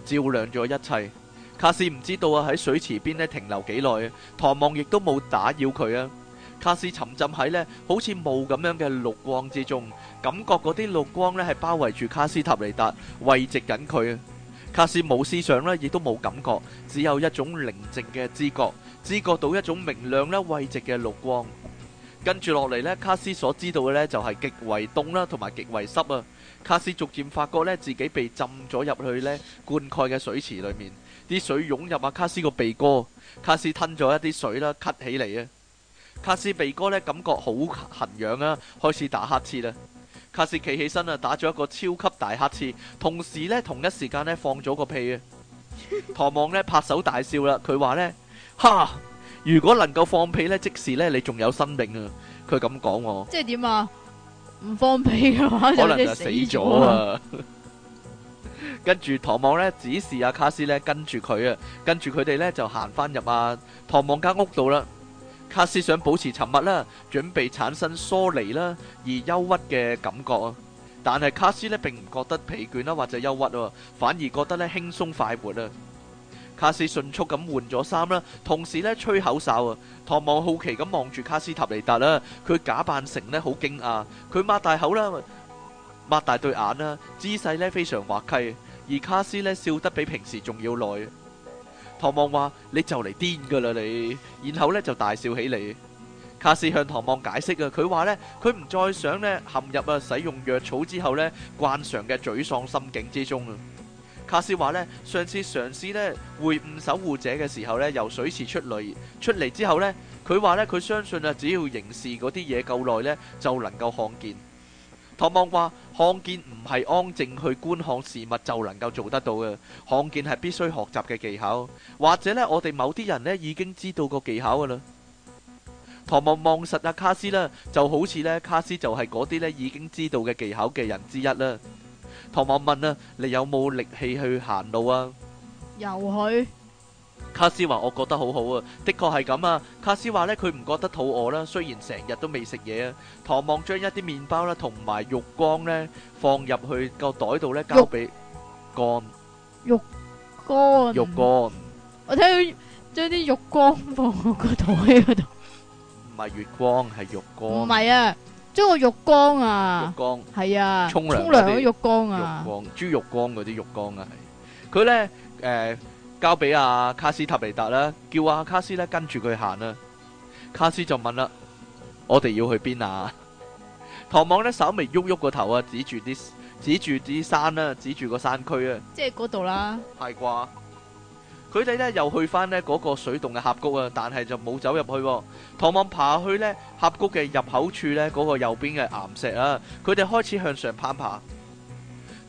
照亮咗一切。卡斯唔知道啊喺水池邊咧停留幾耐，唐望亦都冇打擾佢啊。卡斯沉浸喺咧好似霧咁樣嘅綠光之中，感覺嗰啲綠光咧係包圍住卡斯塔尼達，慰藉緊佢。卡斯冇思想咧，亦都冇感覺，只有一種寧靜嘅知覺，知覺到一種明亮啦慰藉嘅綠光。跟住落嚟呢，卡斯所知道嘅呢，就係、是、極為凍啦、啊，同埋極為濕啊！卡斯逐漸發覺呢，自己被浸咗入去呢灌溉嘅水池裏面，啲水湧入啊卡斯個鼻哥，卡斯吞咗一啲水啦，咳起嚟啊！卡斯鼻哥呢，感覺好痕癢啊，開始打乞嗤啦！卡斯企起身啊，打咗一個超級大乞嗤，同時呢，同一時間呢，放咗個屁啊！唐望呢，拍手大笑啦、啊，佢話呢。吓！如果能夠放屁咧，即時咧你仲有生命啊！佢咁講我。即係點啊？唔放屁嘅話，可能就死咗啊！跟住唐望咧指示阿卡斯咧跟住佢啊，跟住佢哋咧就行翻入阿唐望間屋度啦。卡斯想保持沉默啦，準備產生疏離啦而憂鬱嘅感覺啊！但係卡斯咧並唔覺得疲倦啦，或者憂鬱哦，反而覺得咧輕鬆快活啊！卡斯迅速咁換咗衫啦，同時咧吹口哨啊！唐望好奇咁望住卡斯塔尼達啦，佢假扮成呢，好驚訝，佢擘大口啦，擘大對眼啦，姿勢咧非常滑稽，而卡斯呢，笑得比平時仲要耐。唐望話：你就嚟癲㗎啦你！然後呢，就大笑起嚟。卡斯向唐望解釋啊，佢話呢，佢唔再想呢，陷入啊使用藥草之後呢，慣常嘅沮喪心境之中啊！卡斯話呢，上次嘗試呢會晤守護者嘅時候呢，由水池出嚟出嚟之後呢，佢話呢，佢相信啊，只要凝視嗰啲嘢夠耐呢，就能夠看見。唐望話看見唔係安靜去觀看事物就能夠做得到嘅，看見係必須學習嘅技巧，或者呢，我哋某啲人呢已經知道個技巧㗎啦。唐望望實阿卡斯啦，就好似呢，卡斯就係嗰啲呢已經知道嘅技巧嘅人之一啦。唐望問啊，你有冇力氣去行路啊？又去。卡斯話：我覺得好好啊，的確係咁啊。卡斯話呢，佢唔覺得肚餓啦，雖然成日都未食嘢啊。唐望將一啲麵包啦，同埋肉乾呢，放入去個袋度呢，交俾乾肉乾肉乾。我聽到將啲肉乾放個袋喺嗰度，唔係月光係肉乾，唔係啊。將個浴缸啊，浴缸係啊，沖涼沖涼嘅浴缸啊，浴缸豬浴缸嗰啲浴缸啊，係佢咧誒，交俾阿、啊、卡斯塔尼達啦，叫阿、啊、卡斯咧跟住佢行啦，卡斯就問啦，我哋要去邊啊？ 唐望咧稍微喐喐個頭啊，指住啲指住啲山啊，指住個山區啊，即係嗰度啦，係啩。佢哋咧又去返咧嗰個水洞嘅峽谷啊，但係就冇走入去。唐望爬去咧峽谷嘅入口處呢，嗰個右邊嘅岩石啊，佢哋開始向上攀爬。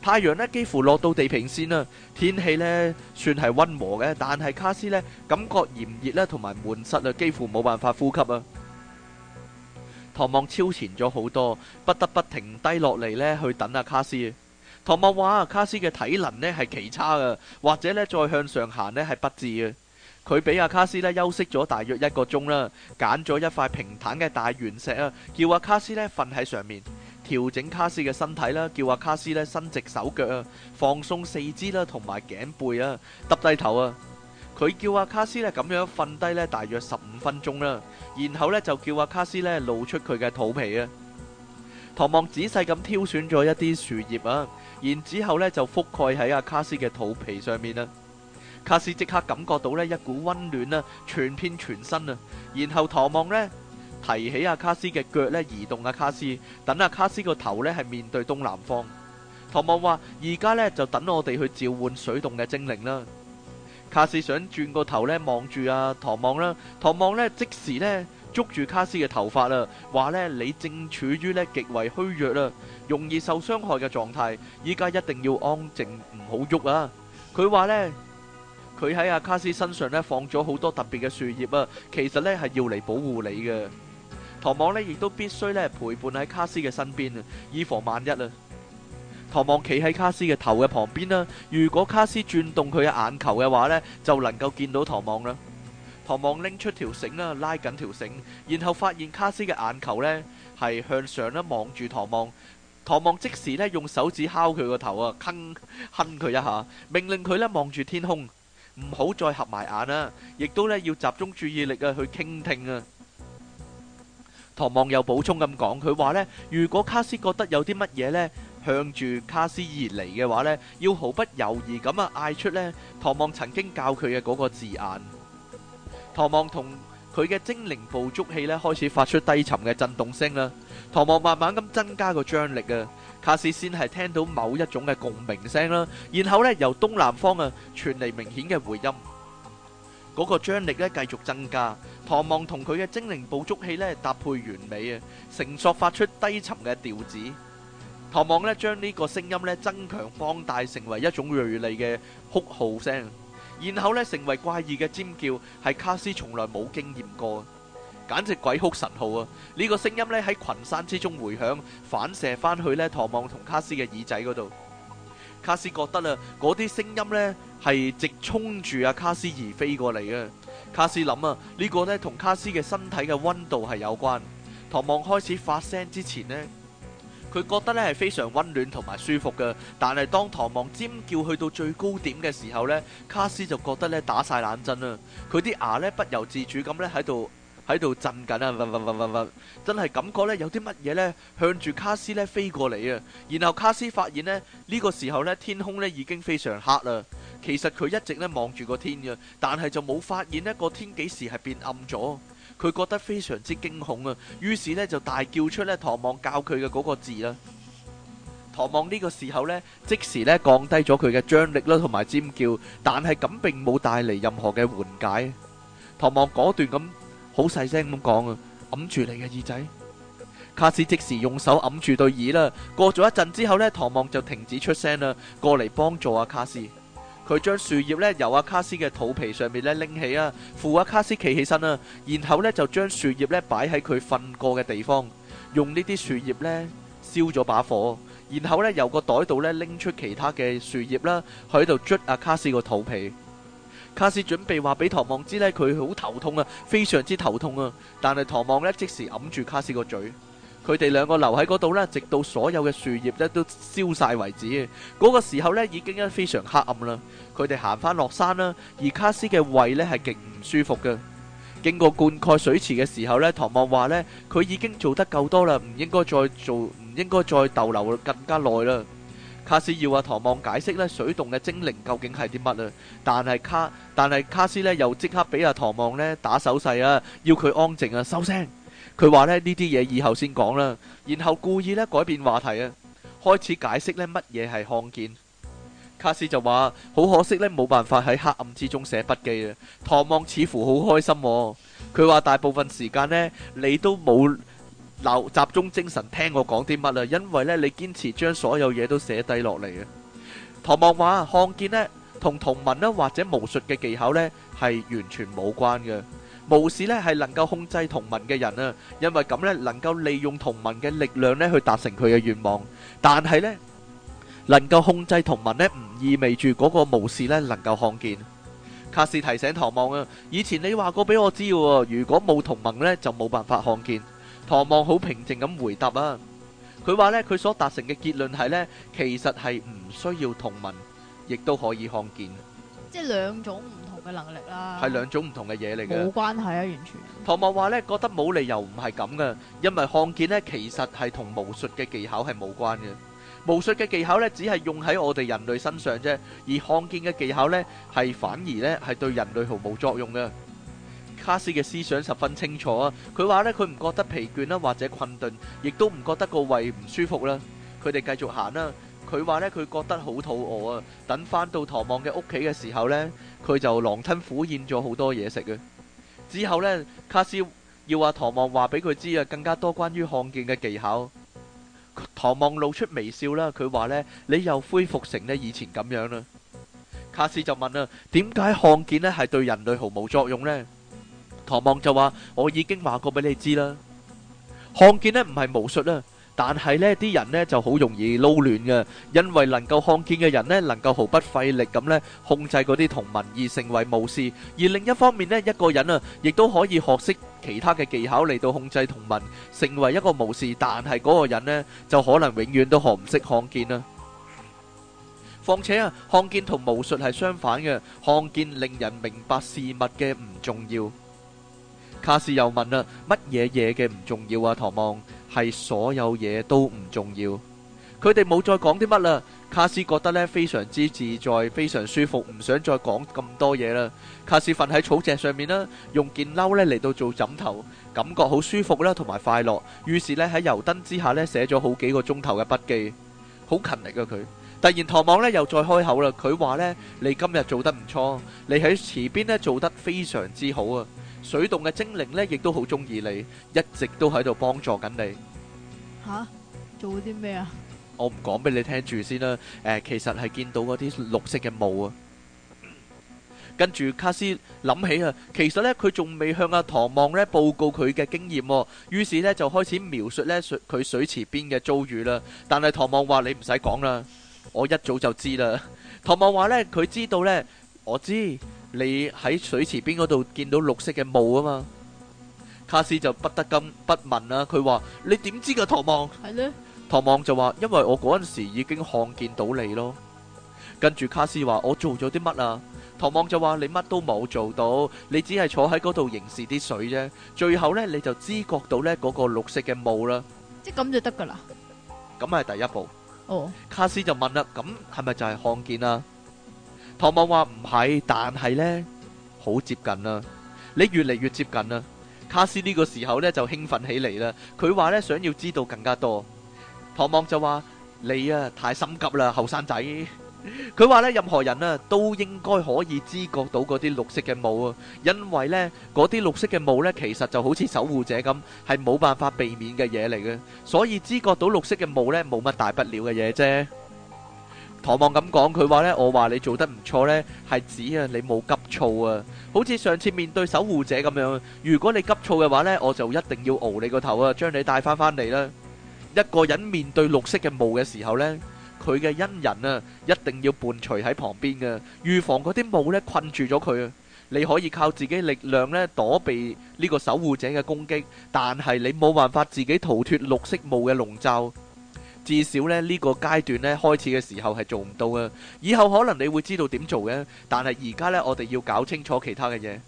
太陽咧幾乎落到地平線啦，天氣咧算係溫和嘅，但係卡斯咧感覺炎熱咧同埋悶塞啊，幾乎冇辦法呼吸啊。唐望超前咗好多，不得不停低落嚟，呢去等阿卡斯。唐望話，卡斯嘅體能咧係奇差啊，或者咧再向上行咧係不智嘅。佢俾阿卡斯咧休息咗大約一個鐘啦，揀咗一塊平坦嘅大圓石啊，叫阿卡斯咧瞓喺上面，調整卡斯嘅身體啦，叫阿卡斯咧伸直手腳啊，放鬆四肢啦，同埋頸背啊，耷低頭啊。佢叫阿卡斯咧咁樣瞓低呢，大約十五分鐘啦，然後呢，就叫阿卡斯咧露出佢嘅肚皮啊。唐望仔細咁挑選咗一啲樹葉啊。然之後咧就覆蓋喺阿卡斯嘅肚皮上面啦。卡斯即刻感覺到咧一股溫暖啦，全遍，全身啊。然後唐望呢，提起阿卡斯嘅腳呢移動阿、啊、卡斯，等阿卡斯個頭呢，係面對東南方。唐望話：而家呢，就等我哋去召喚水洞嘅精靈啦。卡斯想轉個頭呢，望住阿唐望啦，唐望呢，即時呢。喐住卡斯嘅頭髮啦，話呢，你正處於呢極為虛弱啦，容易受傷害嘅狀態，依家一定要安靜，唔好喐啊！佢話呢，佢喺阿卡斯身上呢放咗好多特別嘅樹葉啊，其實呢係要嚟保護你嘅。唐望呢亦都必須呢陪伴喺卡斯嘅身邊，以防萬一啊。唐望企喺卡斯嘅頭嘅旁邊啦，如果卡斯轉動佢嘅眼球嘅話呢，就能夠見到唐望啦。唐望拎出條繩啦，拉緊條繩，然後發現卡斯嘅眼球呢係向上咧望住唐望。唐望即時呢用手指敲佢個頭啊，坑坑佢一下，命令佢呢望住天空，唔好再合埋眼啦，亦都呢要集中注意力啊，去傾聽啊。唐望又補充咁講，佢話呢，如果卡斯覺得有啲乜嘢呢向住卡斯而嚟嘅話呢，要毫不猶豫咁啊嗌出呢唐望曾經教佢嘅嗰個字眼。唐望同佢嘅精靈捕捉器咧開始發出低沉嘅震動聲啦，唐望慢慢咁增加個張力啊，卡斯先係聽到某一種嘅共鳴聲啦，然後咧由東南方啊傳嚟明顯嘅回音，嗰個張力咧繼續增加，唐望同佢嘅精靈捕捉器咧搭配完美啊，繩索發出低沉嘅調子，唐望咧將呢個聲音咧增強放大成為一種銳利嘅哭號聲。然後咧，成為怪異嘅尖叫，係卡斯從來冇經驗過，簡直鬼哭神號啊！呢、呢個聲音咧喺群山之中回響，反射翻去咧，唐望同卡斯嘅耳仔嗰度。卡斯覺得啦、啊，嗰啲聲音咧係直衝住阿、啊、卡斯而飛過嚟嘅。卡斯諗啊，呢個、呢個咧同卡斯嘅身體嘅温度係有關。唐望開始發聲之前呢。佢覺得呢係非常溫暖同埋舒服嘅，但係當唐望尖叫去到最高點嘅時候呢，卡斯就覺得呢打晒冷震啦。佢啲牙呢不由自主咁呢喺度喺度震緊啊！嗡嗡嗡嗡嗡，真係感覺呢有啲乜嘢呢向住卡斯呢飛過嚟啊！然後卡斯發現呢，呢個時候呢天空呢已經非常黑啦。其實佢一直呢望住個天嘅，但係就冇發現呢個天幾時係變暗咗。佢覺得非常之驚恐啊，於是呢就大叫出呢唐望教佢嘅嗰個字啦。唐望呢個時候呢，即時呢降低咗佢嘅張力啦，同埋尖叫，但係咁並冇帶嚟任何嘅緩解。唐望果斷咁好細聲咁講啊，揞住你嘅耳仔。卡斯即時用手揞住對耳啦。過咗一陣之後呢，唐望就停止出聲啦，過嚟幫助阿卡斯。佢將樹葉咧由阿卡斯嘅肚皮上面咧拎起啊，扶阿卡斯企起身啊，然後咧就將樹葉咧擺喺佢瞓過嘅地方，用呢啲樹葉咧燒咗把火，然後咧由個袋度咧拎出其他嘅樹葉啦，喺度捽阿卡斯個肚皮。卡斯準備話俾唐望知咧，佢好頭痛啊，非常之頭痛啊，但係唐望咧即時揞住卡斯個嘴。佢哋兩個留喺嗰度呢，直到所有嘅樹葉呢都燒晒為止。嗰個時候呢已經非常黑暗啦。佢哋行返落山啦。而卡斯嘅胃呢係極唔舒服嘅。經過灌溉水池嘅時候呢，唐望話呢佢已經做得夠多啦，唔應該再做，唔應該再逗留更加耐啦。卡斯要阿唐望解釋呢水洞嘅精靈究竟係啲乜啊？但係卡但係卡斯呢又即刻俾阿唐望呢打手勢啊，要佢安靜啊，收聲。佢話咧呢啲嘢以後先講啦，然後故意咧改變話題啊，開始解釋咧乜嘢係看見。卡斯就話：好可惜咧，冇辦法喺黑暗之中寫筆記啊。唐望似乎好開心喎，佢話大部分時間咧你都冇留集中精神聽我講啲乜啦，因為咧你堅持將所有嘢都寫低落嚟啊。唐望話：看見咧同同文啊或者巫術嘅技巧咧係完全冇關嘅。巫士呢係能夠控制同盟嘅人啊，因為咁呢能夠利用同盟嘅力量呢去達成佢嘅願望。但係呢能夠控制同盟呢唔意味住嗰個巫士呢能夠看見。卡士提醒唐望啊，以前你話過俾我知嘅，如果冇同盟呢就冇辦法看見。唐望好平靜咁回答啊，佢話呢佢所達成嘅結論係呢其實係唔需要同盟亦都可以看見，即係兩種嘅能力啦，係兩種唔同嘅嘢嚟嘅，冇關係啊，完全。唐望話咧覺得冇理由唔係咁嘅，因為看見咧其實係同巫術嘅技巧係冇關嘅，巫術嘅技巧咧只係用喺我哋人類身上啫，而看見嘅技巧咧係反而咧係對人類毫無作用嘅。卡斯嘅思想十分清楚啊，佢話咧佢唔覺得疲倦啦，或者困頓，亦都唔覺得個胃唔舒服啦，佢哋繼續行啦。佢話呢，佢覺得好肚餓啊！等返到唐望嘅屋企嘅時候呢，佢就狼吞虎嚥咗好多嘢食嘅。之後呢，卡斯要阿唐望話俾佢知啊，更加多關於看見嘅技巧。唐望露出微笑啦，佢話呢，你又恢復成呢以前咁樣啦。卡斯就問啊，點解看見呢係對人類毫無作用呢？唐望就話：我已經話過俾你知啦，看見呢唔係巫術啊！但係咧，啲人咧就好容易撈亂嘅，因為能夠看見嘅人咧，能夠毫不費力咁咧控制嗰啲同盟而成為巫師；而另一方面咧，一個人啊，亦都可以學識其他嘅技巧嚟到控制同盟，成為一個巫師。但係嗰個人咧，就可能永遠都學唔識看見啦。況且啊，看見同巫術係相反嘅，看見令人明白事物嘅唔重要。卡士又問啦：乜嘢嘢嘅唔重要啊？唐望。係所有嘢都唔重要，佢哋冇再講啲乜啦。卡斯覺得咧非常之自在，非常舒服，唔想再講咁多嘢啦。卡斯瞓喺草席上面啦，用件褸咧嚟到做枕頭，感覺好舒服啦，同埋快樂。於是咧喺油燈之下咧寫咗好幾個鐘頭嘅筆記，好勤力啊佢。突然唐望咧又再開口啦，佢話咧，你今日做得唔錯，你喺池邊咧做得非常之好啊。水洞嘅精靈呢，亦都好中意你，一直都喺度幫助緊你。吓、啊，做咗啲咩啊？我唔講俾你聽住先啦。誒，其實係見到嗰啲綠色嘅霧啊。跟、嗯、住卡斯諗起啊，其實呢，佢仲未向阿、啊、唐望呢報告佢嘅經驗，於是呢，就開始描述呢佢水池邊嘅遭遇啦。但係唐望話你唔使講啦，我一早就知啦。唐望話呢，佢知道呢，我知。你喺水池邊嗰度見到綠色嘅霧啊嘛，卡斯就不得咁不問啦。佢話：你點知噶？唐望係咧。唐望就話：因為我嗰陣時已經看見到你咯。跟住卡斯話：我做咗啲乜啊？唐望就話：你乜都冇做到，你只係坐喺嗰度凝視啲水啫。最後呢，你就知覺到呢嗰個綠色嘅霧啦。即咁就得噶啦。咁係第一步。哦。卡斯就問啦：咁係咪就係看見啊？唐望話唔係，但係呢好接近啦，你越嚟越接近啦。卡斯呢個時候呢就興奮起嚟啦，佢話呢想要知道更加多。唐望就話，你啊太心急啦，後生仔。佢話呢任何人啊都應該可以知覺到嗰啲綠色嘅霧啊，因為呢嗰啲綠色嘅霧呢其實就好似守護者咁，係冇辦法避免嘅嘢嚟嘅，所以知覺到綠色嘅霧呢冇乜大不了嘅嘢啫。唐望咁講，佢話咧，我話你做得唔錯咧，係指啊你冇急躁啊，好似上次面對守護者咁樣。如果你急躁嘅話咧，我就一定要熬你個頭啊，將你帶翻翻嚟啦。一個人面對綠色嘅霧嘅時候咧，佢嘅恩人啊，一定要伴隨喺旁邊噶，預防嗰啲霧咧困住咗佢。你可以靠自己力量咧躲避呢個守護者嘅攻擊，但係你冇辦法自己逃脫綠色霧嘅籠罩。至少咧，呢個階段咧開始嘅時候係做唔到嘅，以後可能你會知道點做嘅。但係而家呢，我哋要搞清楚其他嘅嘢。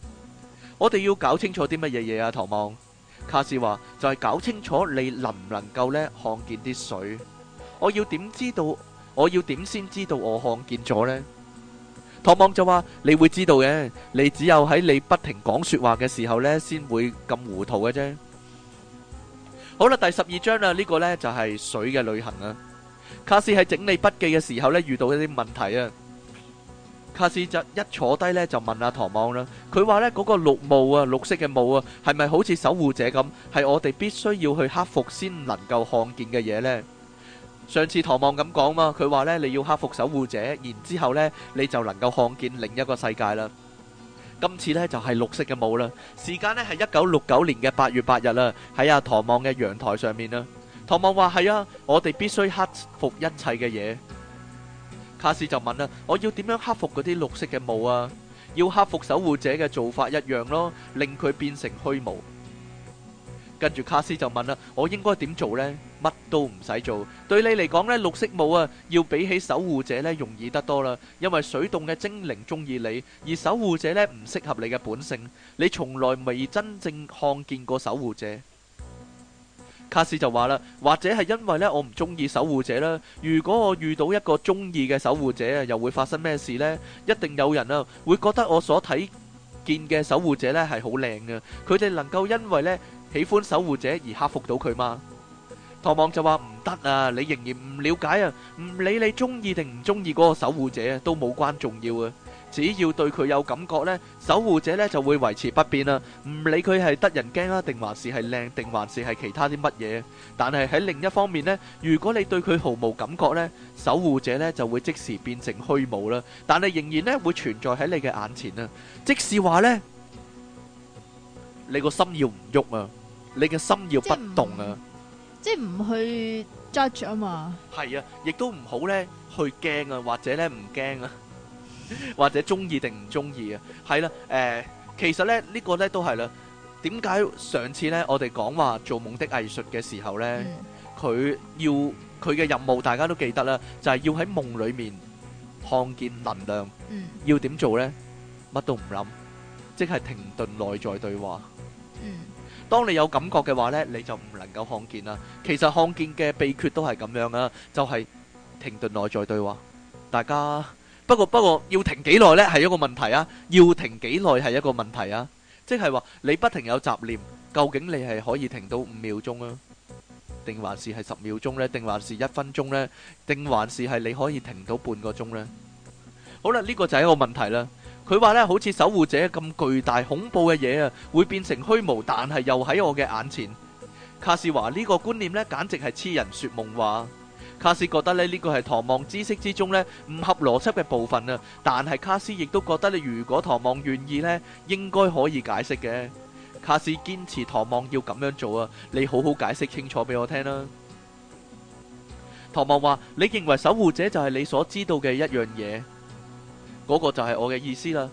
我哋要搞清楚啲乜嘢嘢啊？唐望，卡斯話，就係、是、搞清楚你能唔能夠呢？看見啲水。我要點知道？我要點先知道我看見咗呢？唐望就話，你會知道嘅，你只有喺你不停講說話嘅時候呢，先會咁糊塗嘅啫。好啦，第十二章啦，呢、這個呢，就係水嘅旅行啦。卡斯喺整理筆記嘅時候呢，遇到一啲問題啊。卡斯就一坐低呢，就問阿、啊、唐望啦。佢話呢嗰個綠霧啊，綠色嘅霧啊，係咪好似守護者咁？係我哋必須要去克服先能夠看見嘅嘢，呢。上次唐望咁講嘛，佢話呢你要克服守護者，然之後呢你就能夠看見另一個世界啦。今次呢，就係綠色嘅霧啦，時間呢，係一九六九年嘅八月八日啦，喺阿唐望嘅陽台上面啦。唐望話係啊，我哋必須克服一切嘅嘢。卡斯就問啦，我要點樣克服嗰啲綠色嘅霧啊？要克服守護者嘅做法一樣咯，令佢變成虛無。跟住卡斯就問啦：我應該點做呢？乜都唔使做。對你嚟講呢，綠色霧啊，要比起守護者呢容易得多啦。因為水洞嘅精靈中意你，而守護者呢唔適合你嘅本性。你從來未真正看見過守護者。卡斯就話啦：或者係因為呢，我唔中意守護者啦。如果我遇到一個中意嘅守護者啊，又會發生咩事呢？一定有人啊會覺得我所睇見嘅守護者呢係好靚嘅。佢哋能夠因為呢。喜歡守護者而克服到佢嗎？唐望就話唔得啊！你仍然唔了解啊！唔理你中意定唔中意嗰個守護者都冇關重要啊！只要對佢有感覺咧，守護者咧就會維持不變啦。唔理佢係得人驚啊，定還是係靚，定還是係其他啲乜嘢。但係喺另一方面咧，如果你對佢毫無感覺咧，守護者咧就會即時變成虛無啦。但係仍然咧會存在喺你嘅眼前啊。即使話咧，你個心要唔喐啊！你嘅心要不動啊，即係唔去 judge 啊嘛。係啊，亦都唔好咧去驚啊，或者咧唔驚啊，或者中意定唔中意啊，係啦。誒，其實咧呢個咧都係啦。點解上次咧我哋講話做夢的藝術嘅時候咧，佢要佢嘅任務大家都記得啦，就係要喺夢裏面看見能量。要點做咧？乜都唔諗，即係停頓內在對話。嗯當你有感覺嘅話呢，你就唔能夠看見啦。其實看見嘅秘訣都係咁樣啊，就係停頓內在對話。大家不過不過要停幾耐呢？係一個問題啊。要停幾耐係一個問題啊。即係話你不停有雜念，究竟你係可以停到五秒鐘啊，定還是係十秒鐘呢？定還是一分鐘呢？定還是係你可以停到半個鐘呢？好啦，呢個就係一個問題啦。佢話咧，好似守護者咁巨大恐怖嘅嘢啊，會變成虛無，但係又喺我嘅眼前。卡斯話呢個觀念咧，簡直係痴人說夢話。卡斯覺得咧，呢個係唐望知識之中咧，唔合邏輯嘅部分啊，但係卡斯亦都覺得咧，如果唐望願意咧，應該可以解釋嘅。卡斯堅持唐望要咁樣做啊，你好好解釋清楚俾我聽啦。唐望話：你認為守護者就係你所知道嘅一樣嘢？嗰個就係我嘅意思啦，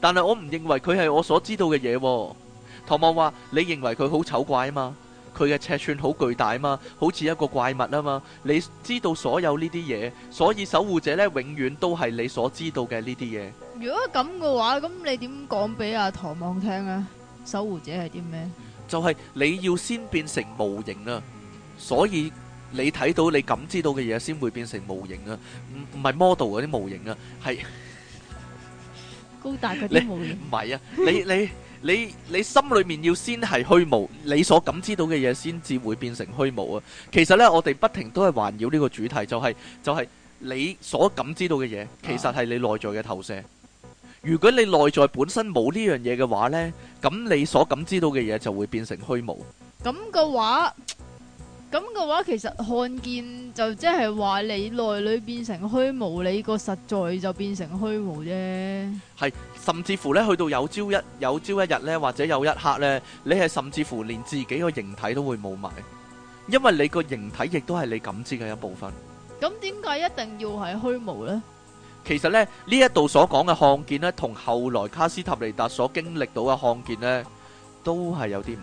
但係我唔認為佢係我所知道嘅嘢。唐望話：你認為佢好醜怪啊嘛？佢嘅尺寸好巨大啊嘛？好似一個怪物啊嘛？你知道所有呢啲嘢，所以守護者咧永遠都係你所知道嘅呢啲嘢。如果咁嘅話，咁你點講俾阿唐望聽啊？守護者係啲咩？就係你要先變成模型啊，所以你睇到你感知到嘅嘢先會變成模型啊，唔唔係 model 嗰啲模型啊，係。高大嗰啲冇嘢，唔係啊！你你你你心裏面要先係虛無，你所感知到嘅嘢先至會變成虛無啊！其實呢，我哋不停都係環繞呢個主題，就係就係你所感知到嘅嘢，其實係你內在嘅投射。如果你內在本身冇呢樣嘢嘅話呢，咁你所感知到嘅嘢就會變成虛無。咁嘅話。咁嘅話，其實看見就即係話你內裏變成虛無，你個實在就變成虛無啫。係，甚至乎呢，去到有朝一有朝一日呢，或者有一刻呢，你係甚至乎連自己個形體都會冇埋，因為你個形體亦都係你感知嘅一部分。咁點解一定要係虛無呢？其實呢，呢一度所講嘅看見呢，同後來卡斯塔尼達所經歷到嘅看見呢，都係有啲唔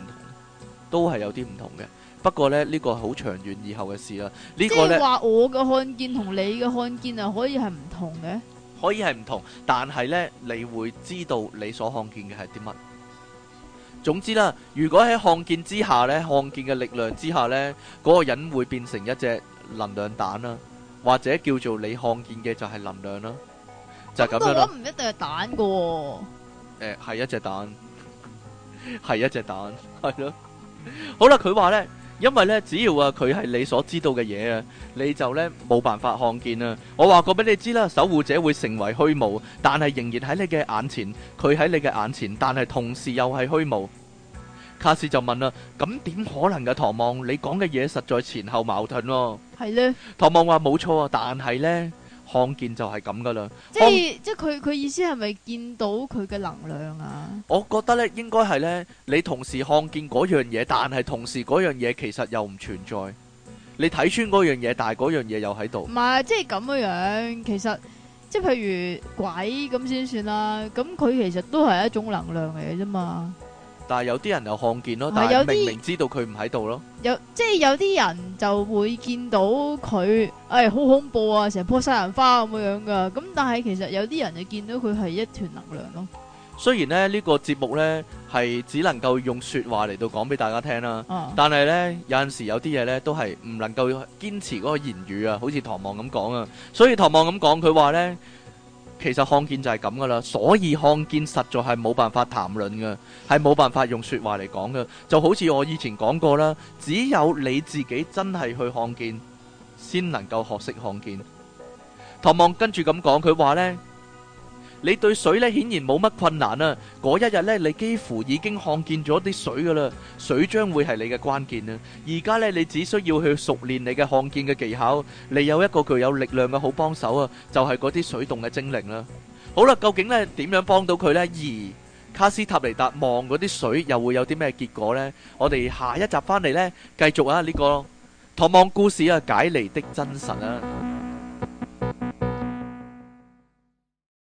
同，都係有啲唔同嘅。不過咧，呢、這個係好長遠以後嘅事啦。這個、呢個咧，即係話我嘅看見同你嘅看見啊，可以係唔同嘅。可以係唔同，但係呢，你會知道你所看見嘅係啲乜。總之啦，如果喺看見之下呢，看見嘅力量之下呢，嗰、那個人會變成一隻能量蛋啦，或者叫做你看見嘅就係能量啦，就係咁樣啦。我唔一定係蛋噶、哦。誒，係一隻蛋，係一隻蛋，係 咯隻。 好啦，佢話呢。因為咧，只要啊佢係你所知道嘅嘢啊，你就咧冇辦法看見啊。我話過俾你知啦，守護者會成為虛無，但係仍然喺你嘅眼前，佢喺你嘅眼前，但係同時又係虛無。卡斯就問啦：咁點可能嘅？唐望，你講嘅嘢實在前後矛盾咯、哦。係咧。唐望話：冇錯啊，但係呢。」看見就係咁噶啦，即係看即係佢，佢意思係咪見到佢嘅能量啊？我覺得咧，應該係咧，你同時看見嗰樣嘢，但係同時嗰樣嘢其實又唔存在。你睇穿嗰樣嘢，但係嗰樣嘢又喺度。唔係，即係咁嘅樣，其實即係譬如鬼咁先算啦。咁佢其實都係一種能量嚟嘅啫嘛。但係有啲人又看見咯，但係明明知道佢唔喺度咯。啊、有、有即係有啲人就會見到佢，誒、哎、好恐怖啊，成樖西蘭花咁樣噶。咁但係其實有啲人就見到佢係一團能量咯。雖然咧呢、呢個節目呢係只能夠用説話嚟到講俾大家聽啦，啊、但係呢，有陣時有啲嘢呢都係唔能夠堅持嗰個言語啊，好似唐望咁講啊。所以唐望咁講，佢話呢。其實看見就係咁噶啦，所以看見實在係冇辦法談論嘅，係冇辦法用說話嚟講嘅，就好似我以前講過啦，只有你自己真係去看見，先能夠學識看見。唐望跟住咁講，佢話呢。你對水呢，顯然冇乜困難啊。嗰一日呢，你幾乎已經看見咗啲水噶啦，水將會係你嘅關鍵啊。而家呢，你只需要去熟練你嘅看見嘅技巧，你有一個具有力量嘅好幫手啊，就係嗰啲水洞嘅精靈啦。好啦，究竟呢點樣幫到佢呢？而卡斯塔尼達望嗰啲水又會有啲咩結果呢？我哋下一集翻嚟呢，繼續啊呢、這個唐望故事啊解離的真實啊！